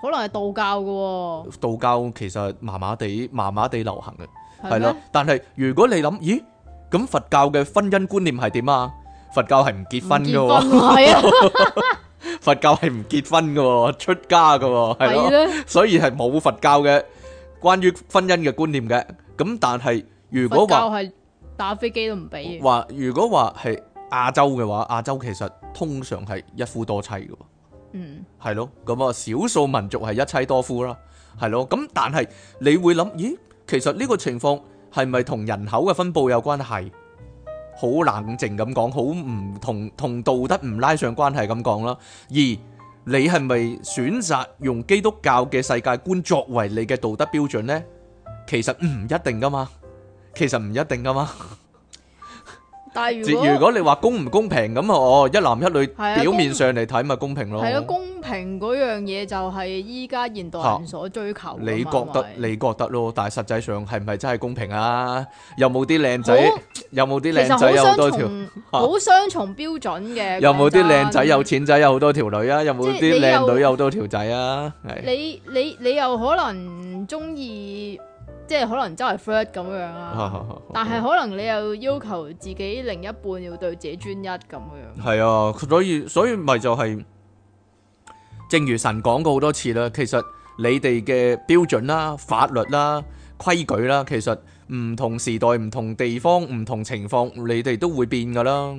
可能係道教噶。道教其實麻麻地麻麻地，流行嘅，係咯。但係如果你諗，咦，咁佛教嘅婚姻觀念係點啊？佛教係唔結婚噶。佛教係唔結婚噶，出家噶，係咯，所以係冇佛教嘅關於婚姻嘅觀念嘅。咁但係如果話打飛機都唔俾嘅話，如果話係亞洲嘅話，亞洲其實通常係一夫多妻噶。嗯，係咯，咁啊，少數民族係一妻多夫啦，係咯。咁但係你會諗，咦，其實呢個情況係咪同人口嘅分布有關係？好冷靜咁講，好唔同同道德唔拉上關係咁講啦。而，你係咪選擇用基督教嘅世界觀作為你嘅道德標準呢？其實唔一定噶嘛，其實唔一定噶嘛。 <laughs> 如果，如果你話公唔公平咁啊，哦，一男一女表面上嚟睇咪公平咯。係咯，公平嗰樣嘢就係依家現代人所追求、啊。你覺得是你覺得咯，但係實際上係唔係真係公平啊？有冇啲靚仔？哦、有冇啲靚仔有好多條？好雙重標準嘅。有冇啲靚仔有錢仔有好多條女啊？有冇啲靚女、啊、有好多條仔啊？係你你你，你又可能中意？即係可能周圍 friend 咁樣啊，但係可能你又要求自己另一半要對自己專一咁樣。係啊，所以所以咪就係，正如神講過好多次啦，其實你哋嘅標準啦、法律啦、規矩啦，其實唔同時代、唔同地方、唔同情況，你哋都會變噶啦。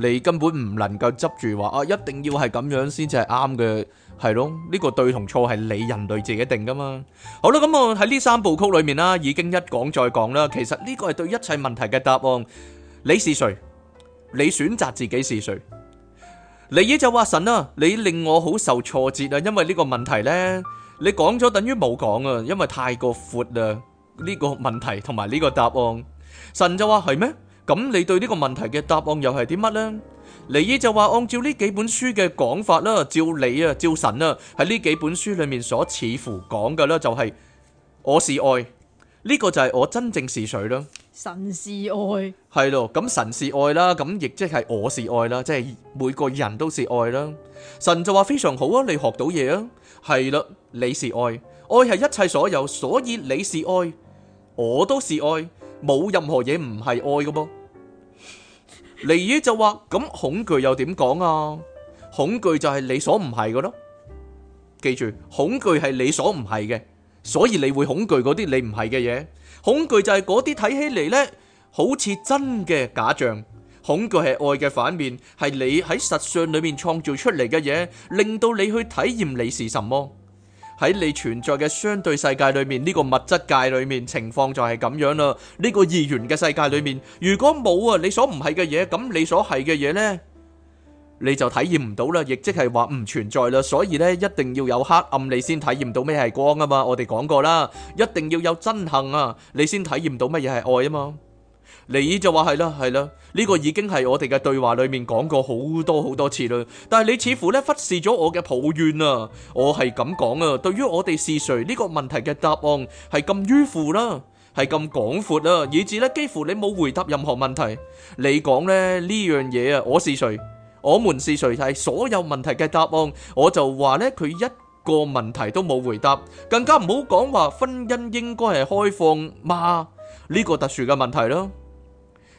你根本唔能夠執住話啊，一定要係咁樣先至係啱嘅。係咯，呢個對同錯係你人類自己定噶嘛。好啦，咁我喺呢三部曲裏面啦，已經一講再講啦。其實呢個係對一切問題嘅答案。你是誰？你選擇自己是誰？你哋就話神啊，你令我好受挫折啊，因為呢個問題呢，你講咗等於冇講啊，因為太過闊啊。呢個問題同埋呢個答案，神就話係咩？咁你對呢個問題嘅答案又係啲乜呢？尼爾就話：按照呢幾本書嘅講法啦，照你啊，照神啊，喺呢幾本書裏面所似乎講嘅啦，就係、是、我是愛，呢、這個就係我真正是誰啦。神是愛，係咯，咁神是愛啦，咁亦即係我是愛啦，即、就、係、是、每個人都是愛啦。神就話非常好啊，你學到嘢啊，係啦，你是愛，愛係一切所有，所以你是愛，我都是愛，冇任何嘢唔係愛嘅噃。尼爾就話，咁恐懼又點講啊？恐懼就係你所唔係嘅咯。記住，恐懼係你所唔係嘅，所以你會恐懼嗰啲你唔係嘅嘢。恐懼就係嗰啲睇起嚟咧，好似真嘅假象。恐懼係愛嘅反面，係你喺實相裏面創造出嚟嘅嘢，令到你去體驗你是什麼。喺你存在嘅相對世界裏面，呢個物質界裏面情況就係咁樣啦。呢個二元嘅世界裏面，如果冇啊你所唔係嘅嘢，咁你所係嘅嘢呢，你就體驗唔到啦。亦即係話唔存在啦。所以呢，一定要有黑暗，你先體驗到咩係光啊嘛。我哋講過啦，一定要有憎恨啊，你先體驗到乜嘢係愛啊嘛。你就話係啦，係啦，呢個已經係我哋嘅對話裏面講過好多好多次啦。但係你似乎咧忽視咗我嘅抱怨啊！我係咁講啊，對於我哋是誰呢個問題嘅答案係咁迂腐啦，係咁廣闊啦，以至咧幾乎你冇回答任何問題。你講咧呢樣嘢啊，我是誰，我們是誰係所有問題嘅答案，我就話咧佢一個問題都冇回答，更加唔好講話婚姻應該係開放嘛呢個特殊嘅問題咯。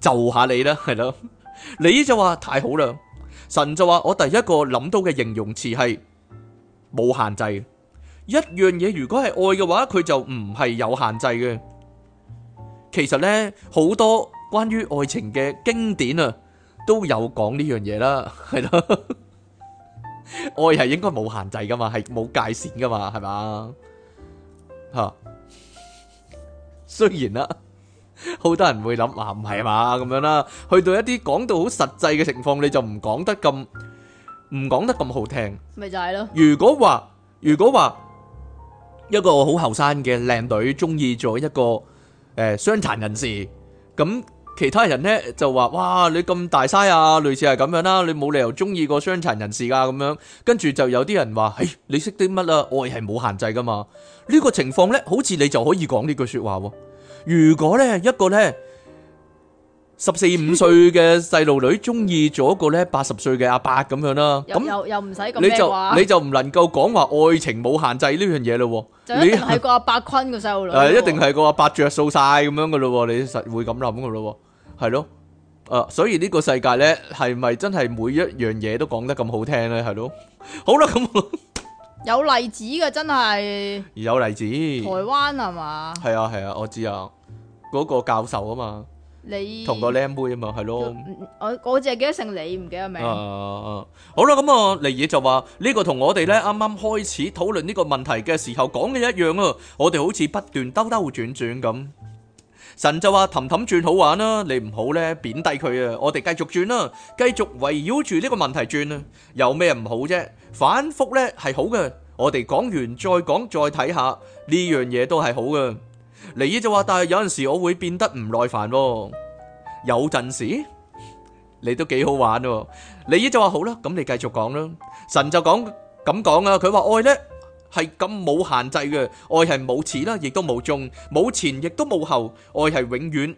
就下你啦，係咯，你就話太好啦，神就話我第一個諗到嘅形容詞係冇限制，一樣嘢如果係愛嘅話，佢就唔係有限制嘅。其實呢，好多關於愛情嘅經典啊，都有講呢樣嘢啦，係咯，愛係應該冇限制噶嘛，係冇界綫噶嘛，係咪，吓、啊，雖然啦、啊。好多人會諗啊，唔係嘛，咁樣啦。去到一啲講到好實際嘅情況，你就唔講得咁唔講得咁好聽。咪就係咯。如果話如果話一個好後生嘅靚女中意咗一個誒傷殘人士，咁其他人咧就話：，哇，你咁大嘥啊！類似係咁樣啦，你冇理由中意個傷殘人士噶咁樣。跟住就有啲人話：，誒，你識啲乜呀？愛係冇限制噶嘛。呢個情況咧，好似你就可以講呢句說話喎。如果咧一個咧十四五歲嘅細路女中意咗一個咧八十歲嘅阿伯咁樣啦，咁又又唔使咁你就你就唔能夠講話愛情冇限制呢樣嘢咯？就一定係個阿伯坤個細路女，誒，一定係個阿伯着數晒咁樣噶咯？你實會咁諗噶咯？係咯？誒，所以呢個世界咧係咪真係每一樣嘢都講得咁好聽咧？係咯？好啦，咁。有例子嘅，真係，有例子，台灣係嘛？係啊係啊，我知啊，嗰、那個教授啊嘛，你同個靚妹啊嘛，係咯，我我淨係記得姓李，唔記得名啊啊啊。啊，好啦，咁啊，尼爾就話、這個、呢個同我哋咧啱啱開始討論呢個問題嘅時候講嘅一樣啊，我哋好似不斷兜兜轉轉咁。神就話氹氹轉好玩啦，你唔好咧貶低佢啊，我哋繼續轉啦，繼續圍繞住呢個問題轉啦，有咩唔好啫？反覆咧係好嘅，我哋講完再講再睇，下呢樣嘢都係好嘅。尼爾就話，但係有陣時我會變得唔耐煩，有陣時你都幾好玩喎。尼爾就話好啦，咁你繼續講啦。神就講咁講啊，佢話愛咧。係咁冇限制嘅愛係冇始啦，亦都冇終，冇前亦都冇後，愛係永遠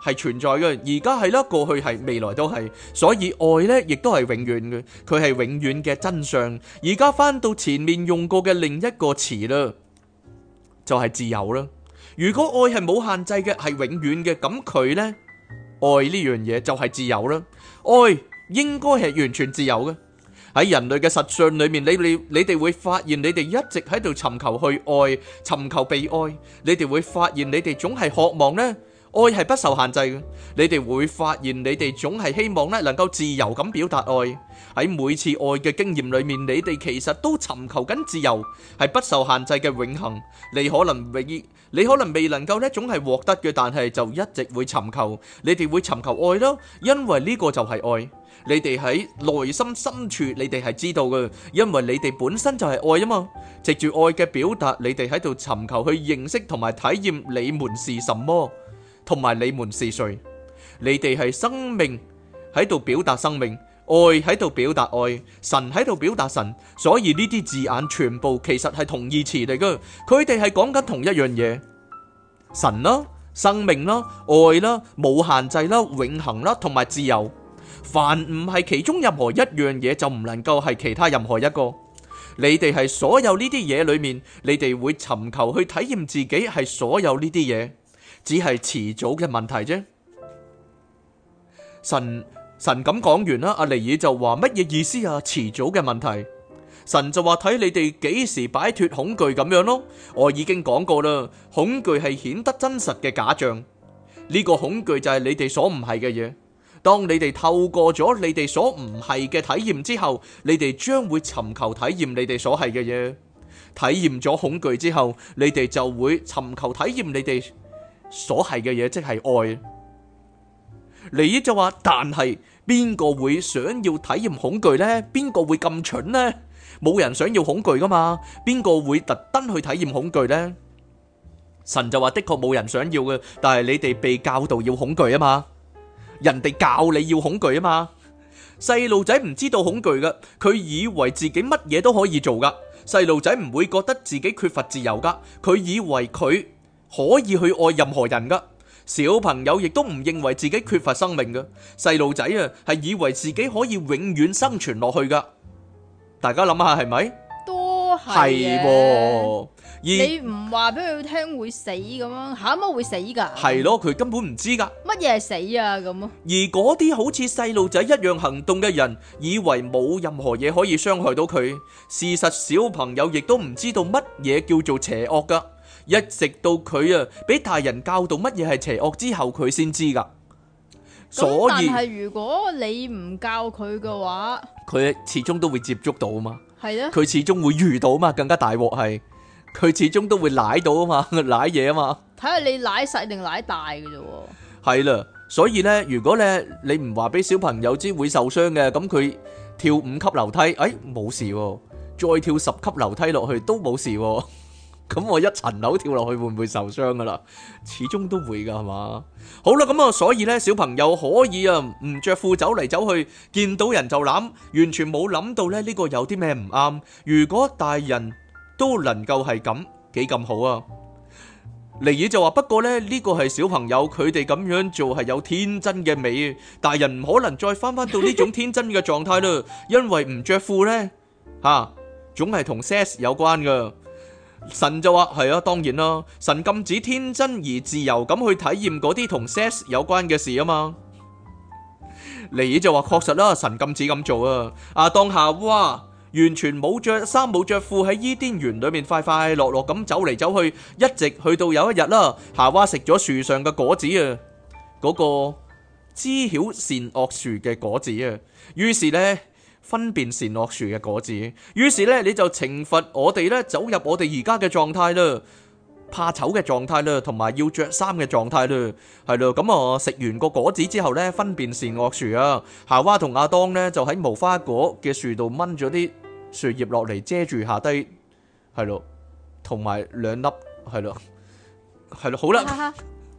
係存在嘅。而家係啦，過去係，未來都係，所以愛呢亦都係永遠嘅。佢係永遠嘅真相。而家翻到前面用過嘅另一個詞啦，就係自由啦。如果愛係冇限制嘅，係永遠嘅，咁佢呢愛呢樣嘢就係自由啦。愛應該係完全自由嘅。喺人類嘅實相裏面，你你你哋會發現，你哋一直喺度尋求去愛，尋求被愛。你哋會發現，你哋總係渴望呢，愛係不受限制嘅。你哋會發現，你哋總係希望呢，能夠自由咁表達愛。喺每次愛嘅經驗裏面，你哋其實都尋求緊自由，係不受限制嘅永恆。你可能未，你可能未能夠呢，總係獲得嘅，但係就一直會尋求。你哋會尋求愛咯，因為呢個就係愛。你哋喺內心深處，你哋係知道嘅，因為你哋本身就係愛啊嘛。藉住愛嘅表達，你哋喺度尋求去認識同埋體驗你們是什麼，同埋你們是誰。你哋係生命喺度表達生命，愛喺度表達愛，神喺度表達神。所以呢啲字眼全部其實係同義詞嚟嘅。佢哋係講緊同一樣嘢：神啦、生命啦、愛啦、冇限制啦、永恒啦，同埋自由。凡唔係其中任何一樣嘢，就唔能夠係其他任何一個。你哋係所有呢啲嘢裏面，你哋會尋求去體驗自己係所有呢啲嘢，只係遲早嘅問題啫。神神咁講完啦，阿尼爾就話乜嘢意思啊？遲早嘅問題，神就話睇你哋幾時擺脫恐懼咁樣咯。我已經講過啦，恐懼係顯得真實嘅假象，呢個恐懼就係你哋所唔係嘅嘢。當你哋透過咗你哋所唔係嘅體驗之後，你哋將會尋求體驗你哋所係嘅嘢。體驗咗恐懼之後，你哋就會尋求體驗你哋所係嘅嘢，即係愛。利益就話，但係邊個會想要體驗恐懼呢？邊個會咁蠢呢？冇人想要恐懼噶嘛？邊個會特登去體驗恐懼呢？神就話：的確冇人想要嘅，但係你哋被教導要恐懼啊嘛。人哋教你要恐懼啊嘛，細路仔唔知道恐懼噶，佢以為自己乜嘢都可以做噶，細路仔唔會覺得自己缺乏自由噶，佢以為佢可以去愛任何人噶，小朋友亦都唔認為自己缺乏生命噶，細路仔啊係以為自己可以永遠生存落去噶，大家諗下係咪？是是都係啊。你唔話俾佢聽會死咁樣？吓乜會死噶？係咯，佢根本唔知噶。乜嘢係死啊？咁咯。而嗰啲好似細路仔一樣行動嘅人，以為冇任何嘢可以傷害到佢。事實小朋友亦都唔知道乜嘢叫做邪惡噶。一直到佢啊，俾大人教導乜嘢係邪惡之後，佢先知噶。咁但係如果你唔教佢嘅話，佢始終都會接觸到嘛。係咯，佢始終會遇到嘛，更加大鑊係。佢始終都會舐到啊嘛，舐嘢啊嘛。睇下你舐細定舐大嘅啫。係啦，所以咧，如果咧你唔話俾小朋友知會受傷嘅，咁佢跳五級樓梯，誒冇事，再跳十級樓梯落去都冇事。咁我一層樓跳落去會唔會受傷噶啦？始終都會噶係嘛。好啦，咁啊，所以咧，小朋友可以啊唔着褲走嚟走去，見到人就攬，完全冇諗到咧呢個有啲咩唔啱。如果大人，都能夠係咁幾咁好啊？尼爾就話：不過呢呢個係小朋友，佢哋咁樣做係有天真嘅美，大人唔可能再翻翻到呢種天真嘅狀態啦，因為唔着褲呢吓，總係同 sex 有關噶。神就話：係啊，當然啦，神禁止天真而自由咁去體驗嗰啲同 sex 有關嘅事啊嘛。尼爾就話：確實啦，神禁止咁做啊。啊當下哇！完全冇著衫冇著褲喺伊甸園裏面快快樂樂咁走嚟走去，一直去到有一日啦，夏娃食咗樹上嘅果子啊，嗰個知曉善惡樹嘅果子啊，於是呢分辨善惡樹嘅果子，於是呢你就懲罰我哋呢走入我哋而家嘅狀態啦，怕醜嘅狀態啦，同埋要著衫嘅狀態啦，係咯，咁啊食完個果子之後呢分辨善惡樹啊，夏娃同阿當呢就喺無花果嘅樹度掹咗啲。樹葉落嚟，遮住下低，係咯，同埋兩粒，係咯，係咯，好啦。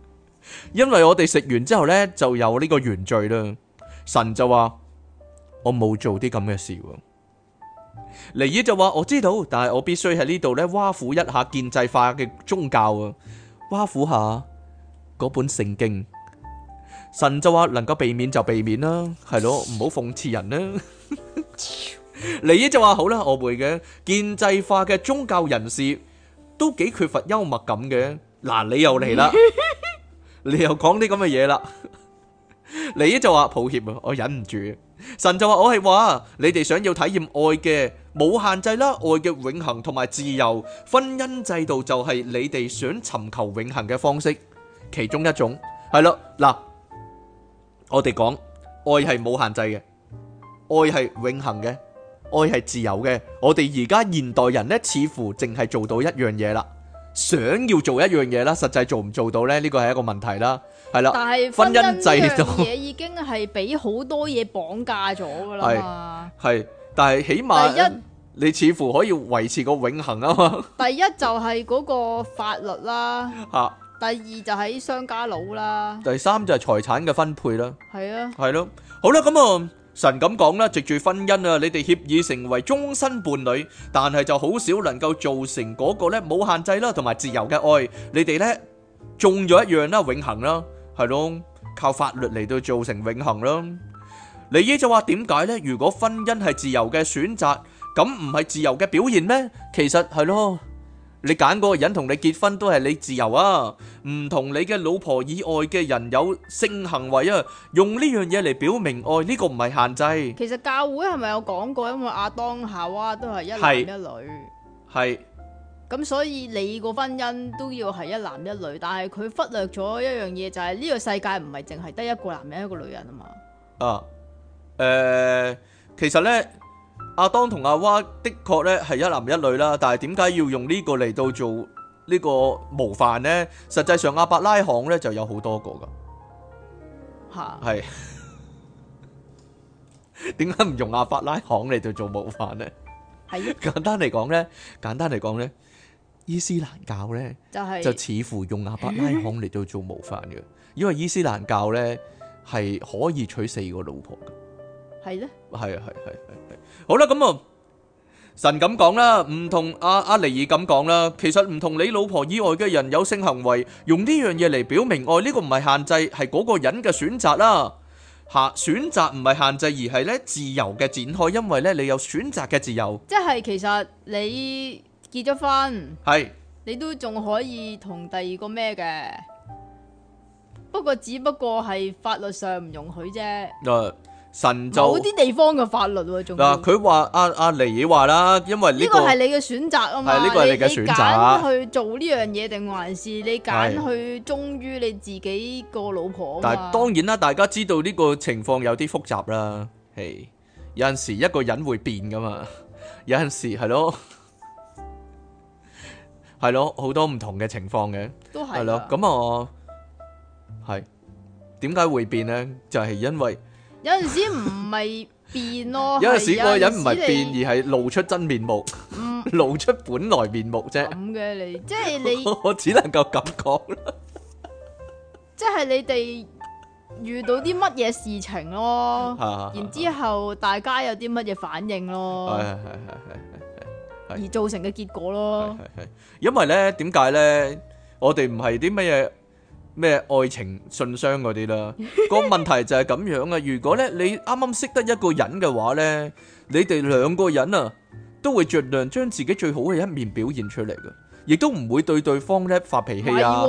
<laughs> 因為我哋食完之後呢，就有呢個原罪啦。神就話：我冇做啲咁嘅事。尼爾就話：我知道，但係我必須喺呢度呢，挖苦一下建制化嘅宗教啊，挖苦下嗰本聖經。神就話：能夠避免就避免啦，係咯，唔好諷刺人啦。 <laughs> 黎姨就話，好啦，我會嘅建制化嘅宗教人士都幾缺乏幽默感嘅。嗱，你又嚟啦，你又講啲咁嘅嘢啦。黎姨 <laughs> <laughs> 就話，抱歉啊，我忍唔住。神就話，我係話，你哋想要體驗愛嘅冇限制啦，愛嘅永恒同埋自由，婚姻制度就係你哋想尋求永恒嘅方式其中一種，係囉。嗱，我哋講愛係冇限制嘅，愛係永恒嘅。愛係自由嘅，我哋而家現代人呢，似乎淨係做到一樣嘢啦，想要做一樣嘢啦，實際做唔做到呢？呢個係一個問題啦，係啦。但係婚姻制度嘢已經係俾好多嘢綁架咗噶啦，係，但係起碼第一，你似乎可以維持個永恒啊嘛。第一就係嗰個法律啦，吓、啊。第二就係商家佬啦，第三就係財產嘅分配啦，係啊的，係咯的，好啦，咁、嗯、啊。神咁講啦，藉住婚姻啊，你哋協議成為終身伴侶，但係就好少能夠造成嗰個呢冇限制啦，同埋自由嘅愛。你哋呢中咗一樣啦，永恆啦，係咯，靠法律嚟到造成永恆啦。你呢就話點解呢？如果婚姻係自由嘅選擇，咁唔係自由嘅表現呢？其實係咯。你揀嗰個人同你結婚都係你自由啊，唔同你嘅老婆以外嘅人有性行為啊，用呢樣嘢嚟，表明愛呢個唔係限制。其實教會係咪有講過，因為亞當夏娃都係一男一女，係。咁所以你個婚姻都要係一男一女，但係佢忽略咗一樣嘢，就係呢個世界唔係淨係得一個男人一個女人啊嘛。啊，誒，其實呢。阿當同阿娃的確咧係一男一女啦，但係點解要用呢個嚟到做呢個模範呢？實際上阿伯拉罕咧就有好多個噶，係哈，點解唔用阿伯拉罕嚟到做模範呢？係是，簡單嚟講呢，簡單嚟講呢，伊斯蘭教呢，就係、就似乎用阿伯拉罕嚟到做模範嘅。 <laughs> 因為伊斯蘭教呢，係可以娶四個老婆噶，係咧。係啊，係係係，好啦，咁、嗯、啊，神咁講啦，唔同阿阿尼爾咁講啦，其實唔同你老婆以外嘅人有性行為，用呢樣嘢嚟表明愛，呢個唔係限制，係嗰個人嘅選擇啦。下、啊、選擇唔係限制，而係咧自由嘅展開，因為咧你有選擇嘅自由。即係其實你結咗婚，係的你都仲可以同第二個咩嘅，不過只不過係法律上唔容許啫。Uh, 神造啲地方嘅法律啊，仲嗱佢話阿阿尼爾話啦。因為呢、呢個係你嘅選擇啊嘛，呢個係你嘅選擇，你揀去做呢樣嘢定還是你揀去忠於你自己個老婆？但係當然啦，大家知道呢個情況有啲複雜啦，係有陣時一個人會變噶嘛，有陣時係咯，係咯好多唔同嘅情況嘅，都係咯咁啊，係點解會變呢？就係、是、因為。有陣時唔係變咯，有陣時個人唔係變而係露出真面目，嗯、露出本來面目啫。咁嘅你，即係你， <laughs> 我只能夠咁講啦。即係你哋遇到啲乜嘢事情咯， <laughs> 然後之後大家有啲乜嘢反應咯，係係係係係而造成嘅結果咯。 <laughs> 因為咧，點解咧？我哋唔係啲乜嘢。咩愛情信箱嗰啲啦，個問題就係咁樣啊！如果咧你啱啱識得一個人嘅話咧，你哋兩個人啊都會盡量將自己最好嘅一面表現出嚟嘅，亦都唔會對對方咧發脾氣啊！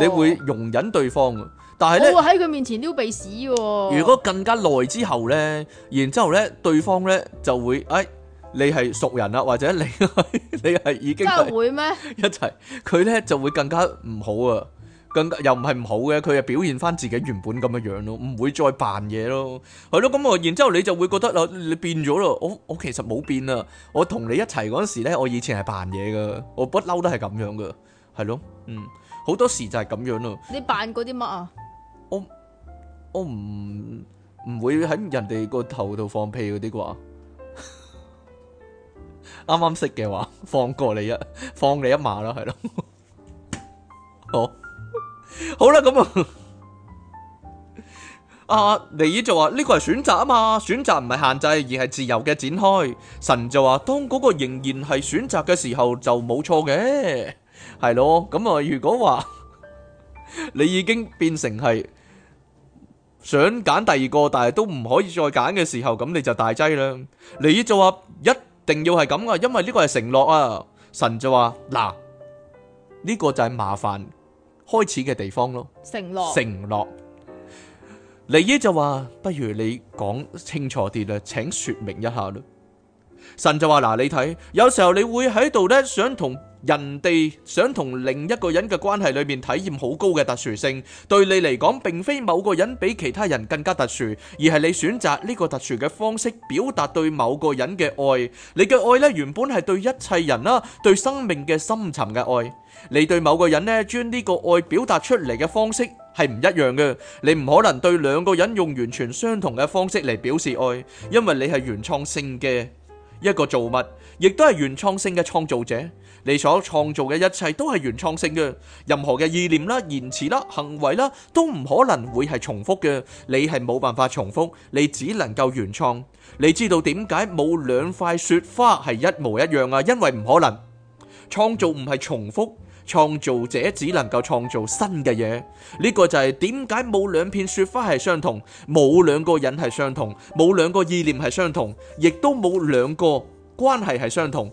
你會容忍對方嘅，但係咧，我會喺佢面前撩鼻屎。如果更加耐之後咧，然之後咧對方咧就會誒，你係熟人啦，或者你你係已經真係會咩一齊，佢咧就會更加唔好啊！更加又唔係唔好嘅，佢又表現翻自己原本咁嘅樣咯，唔會再扮嘢咯，係咯。咁我然之後你就會覺得啦，你變咗咯。我我其實冇變啊，我同你一齊嗰陣時咧，我以前係扮嘢噶，我不嬲都係咁樣噶，係咯，嗯，好多時就係咁樣咯。你扮嗰啲乜啊？我我唔唔會喺人哋個頭度放屁嗰啲啩。啱啱識嘅話，放過你一放你一馬啦，係咯，好。好啦，咁啊，尼爾就話呢個係選擇啊嘛，選擇唔係限制，而係自由嘅展開。神就話，當嗰個仍然係選擇嘅時候，就冇錯嘅，係咯。咁啊，如果話你已經變成係想揀第二個，但係都唔可以再揀嘅時候，咁你就大劑啦。尼爾就話一定要係咁啊，因為呢個係承諾啊。神就話嗱，呢個就係麻煩。開始嘅地方咯，承諾諾，承諾，尼爾就話，不如你講清楚啲啦，請說明一下啦，神就話嗱，你睇，有時候你會喺度咧，想同人哋想同另一個人嘅關係裏面體驗好高嘅特殊性，對你嚟講並非某個人比其他人更加特殊，而係你選擇呢個特殊嘅方式表達對某個人嘅愛。你嘅愛呢原本係對一切人啦，對生命嘅深沉嘅愛。你對某個人呢將呢個愛表達出嚟嘅方式係唔一樣嘅。你唔可能對兩個人用完全相同嘅方式嚟表示愛，因為你係原創性嘅一個造物，亦都係原創性嘅創造者。你所創造嘅一切都係原創性嘅，任何嘅意念啦、言辭啦、行為啦，都唔可能會係重複嘅。你係冇辦法重複，你只能夠原創。你知道點解冇兩塊雪花係一模一樣啊？因為唔可能。創造唔係重複，創造者只能夠創造新嘅嘢。呢個就係點解冇兩片雪花係相同，冇兩個人係相同，冇兩個意念係相同，亦都冇兩個關係係相同。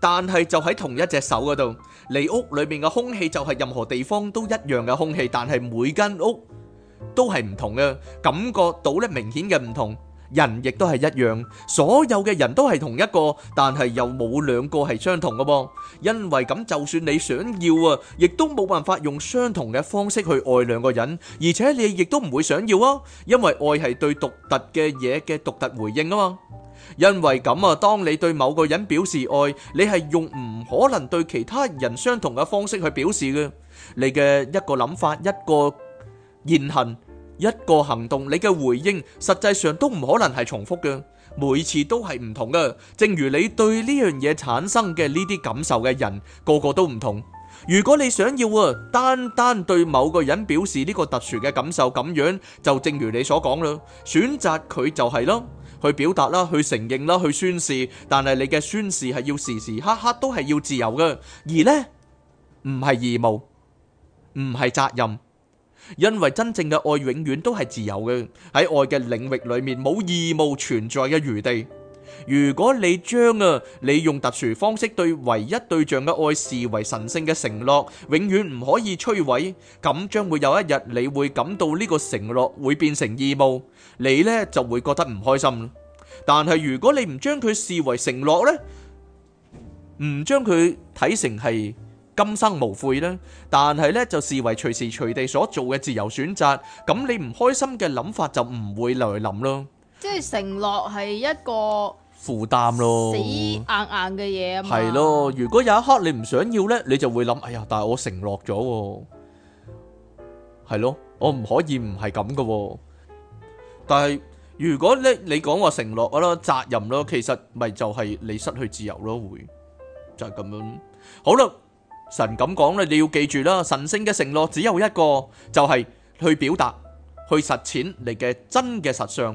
但係就喺同一隻手嗰度，你屋裏面嘅空氣就係任何地方都一樣嘅空氣，但係每間屋都係唔同嘅，感覺到咧明顯嘅唔同。人亦都係一樣，所有嘅人都係同一個，但係又冇兩個係相同嘅噃。因為咁，就算你想要啊，亦都冇辦法用相同嘅方式去愛兩個人，而且你亦都唔會想要啊，因為愛係對獨特嘅嘢嘅獨特回應啊嘛。因為咁啊，當你對某個人表示愛，你係用唔可能對其他人相同嘅方式去表示嘅。你嘅一個諗法、一個言行、一個行動，你嘅回應，實際上都唔可能係重複嘅，每次都係唔同嘅。正如你對呢樣嘢產生嘅呢啲感受嘅人，個個都唔同。如果你想要啊，單單對某個人表示呢個特殊嘅感受咁樣，就正如你所講啦，選擇佢就係咯。去表達啦，去承認啦，去宣示。但係你嘅宣示係要時時刻刻都係要自由嘅，而呢，唔係義務，唔係責任。因為真正嘅愛永遠都係自由嘅，喺愛嘅領域裏面冇義務存在嘅餘地。如果你將啊你用特殊方式對唯一對象嘅愛視為神聖嘅承諾，永遠唔可以摧毀，咁將會有一日你會感到呢個承諾會變成義務。你咧就會覺得唔開心咯。但係如果你唔將佢視為承諾咧，唔將佢睇成係今生無悔咧，但係咧就視為隨時隨地所做嘅自由選擇。咁你唔開心嘅諗法就唔會來諗咯。即係承諾係一個負擔咯，死硬硬嘅嘢啊嘛。係咯，如果有一刻你唔想要咧，你就會諗：哎呀，但係我承諾咗，係咯，我唔可以唔係咁噶。但係如果咧，你講話承諾咯、責任咯，其實咪就係你失去自由咯，會就係咁樣。好啦，神咁講咧，你要記住啦，神聖嘅承諾只有一個，就係去表達、去實踐你嘅真嘅實相。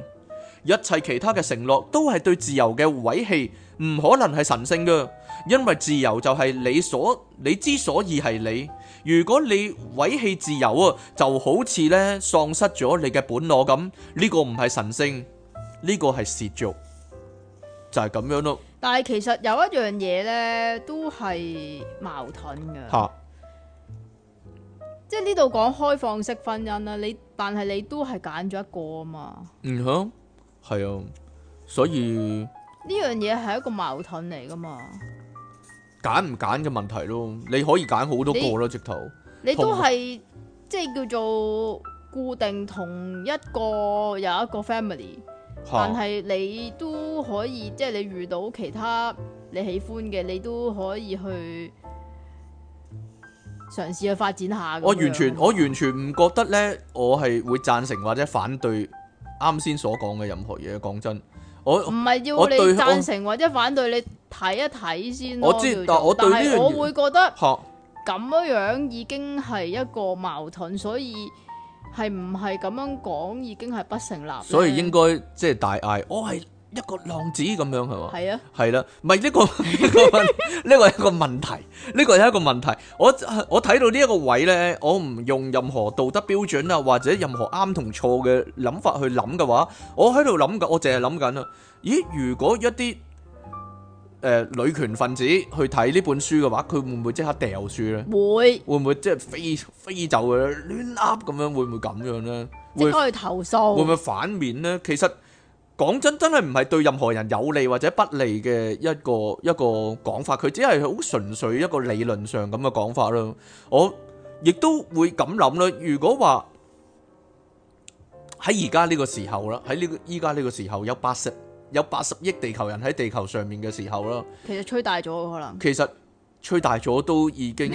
一切其他嘅承諾都係對自由嘅毀棄，唔可能係神聖噶，因為自由就係你所你之所以係你。如果你委棄自由啊，就好似咧喪失咗你嘅本我咁，呢個唔係神聖，呢個係褻瀆，就係咁樣咯。但係其實有一樣嘢咧，都係矛盾嘅。吓哈，即係呢度講開放式婚姻啊，你但係你都係揀咗一個啊嘛。嗯哼，係啊，所以呢樣嘢係一個矛盾嚟噶嘛。揀唔揀嘅問題咯，你可以揀好多個咯，你直頭。你都係同即係叫做固定同一個有一個 family，啊、但係你都可以即係你遇到其他你喜歡嘅，你都可以去嘗試去發展下。我完全，樣我完全唔覺得呢，我係會贊成或者反對啱先所講嘅任何嘢，講真。我唔係要你贊成或者反對，我你睇一睇先咯。我知，做但係我，我會覺得咁樣樣已經係一個矛盾，所以係唔係咁樣講已經係不成立。所以應該即係、就是、大嗌，我係。一個浪子咁樣係嘛？係啊，係啦，唔係呢個呢個呢個係一個問題，呢個係一個問題。我我睇到呢一個位咧，我唔用任何道德標準啦，或者任何啱同錯嘅諗法去諗嘅話，我喺度諗緊，我淨係諗緊啦。咦？如果一啲誒女權分子去睇呢本書嘅話，佢會唔會即刻掉書咧？會會唔會即係飛飛走嘅亂噏咁樣？會唔會咁樣咧？即係應該去投訴？會唔會反面咧？其實。講真，真係唔係對任何人有利或者不利嘅一個一個講法，佢只係好純粹一個理論上咁嘅講法咯。我亦都會咁諗啦。如果話喺而家呢個時候啦，喺呢個依家呢個時候有八十有八十億地球人喺地球上面嘅時候啦，其實吹大咗可能，其實吹大咗都已經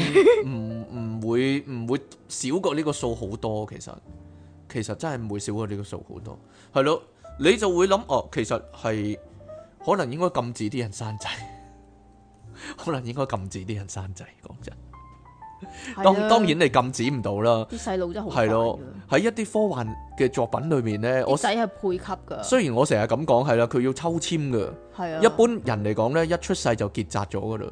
唔唔 <laughs> 會唔會少過呢個數好多。其實其實真係唔會少過呢個數好多，係咯。你就會諗哦，其實係可能應該禁止啲人生仔，可能應該禁止啲人生仔。講 <laughs> 真，當的當然你禁止唔到啦。啲細路真係好，係咯。喺一啲科幻嘅作品裏面咧，我仔係配級㗎。雖然我成日咁講係啦，佢要抽籤㗎。係啊的，一般人嚟講咧，一出世就結紮咗㗎啦。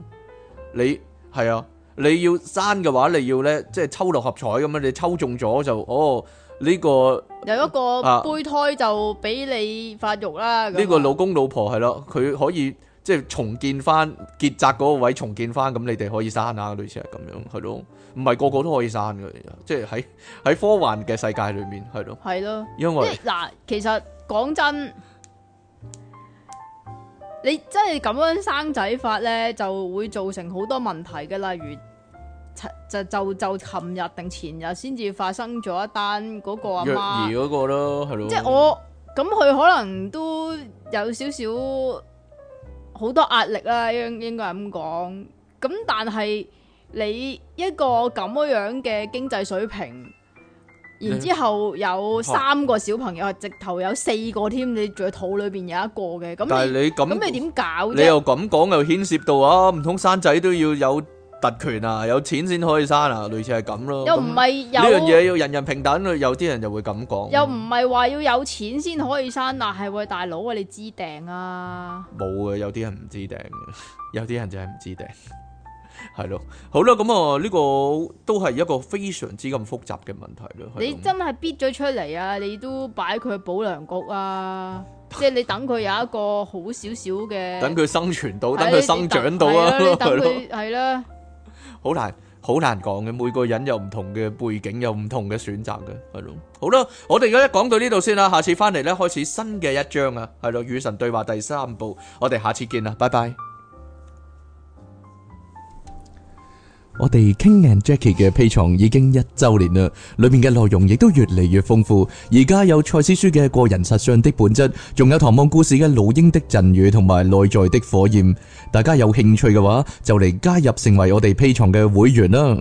你係啊，你要生嘅話，你要咧即係抽六合彩咁樣，你抽中咗就哦。呢、這個有一個胚胎、啊、就俾你發育啦。呢個老公老婆係咯，佢可以即係、就是、重建翻結紮嗰位重建翻，咁你哋可以生啊，類似係咁樣係咯。唔係個個都可以生嘅，即係喺喺科幻嘅世界裏面係咯。係咯，了因為嗱為，其實講真，你真係咁樣生仔法咧，就會造成好多問題嘅，例如。就就就琴日定前日先至發生咗一單嗰個阿媽嗰個咯，係咯。即係我咁，佢可能都有少少好多壓力啦，應應該咁講。咁但係你一個咁樣嘅經濟水平，然之後有三個小朋友，係直頭有四個添，你仲肚裏邊有一個嘅。咁，但係你咁，咁你點搞啫？你又咁講又牽涉到啊！唔通生仔都要有特權啊，有錢先可以生啊，類似係咁咯。又唔係有呢樣嘢，要人人平等，有啲人就會咁講。又唔係話要有錢先可以生啊，係喂，大佬啊，你知定啊？冇啊，有啲人唔知定，有啲人就係唔知定，係 <laughs> 咯。好啦，咁啊，呢、這個都係一個非常之咁複雜嘅問題咯。你真係逼咗出嚟，啊，你都擺佢去保良局啊， <laughs> 即係你等佢有一個好少少嘅，等佢生存到，等佢生長到啊，係啦。 <laughs> <laughs> <laughs> <laughs> 好難，好難講嘅。每個人有唔同嘅背景，有唔同嘅選擇嘅，係咯。好啦，我哋而家講到呢度先啦。下次翻嚟咧，開始新嘅一章啊，係咯。與神對話第三部，我哋下次見啦，拜拜。我哋 King and Jackie 嘅披藏已經一周年啦，裏面嘅內容亦都越嚟越豐富。而家有賽斯書嘅個人實相的本質，仲有唐望故事嘅老鷹的贈予同埋內在的火焰。大家有興趣嘅話，就嚟加入成為我哋披藏嘅會員啦。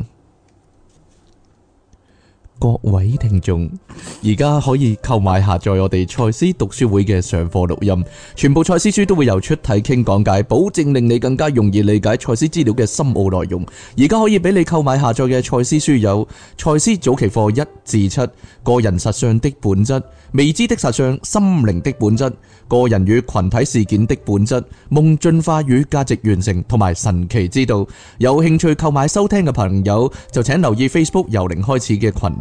各位聽眾，而家可以購買下載我哋賽斯讀書會嘅上課錄音，全部賽斯書都會由出體傾講解，保證令你更加容易理解賽斯資料嘅深奧內容。而家可以俾你購買下載嘅賽斯書有《賽斯早期課一至七》、《個人實相的本質》、《未知的實相》、《心靈的本質》、《個人與群體事件的本質》、《夢進化與價值完成》同埋《神奇之道》。有興趣購買收聽嘅朋友就請留意 Facebook 由零開始嘅群。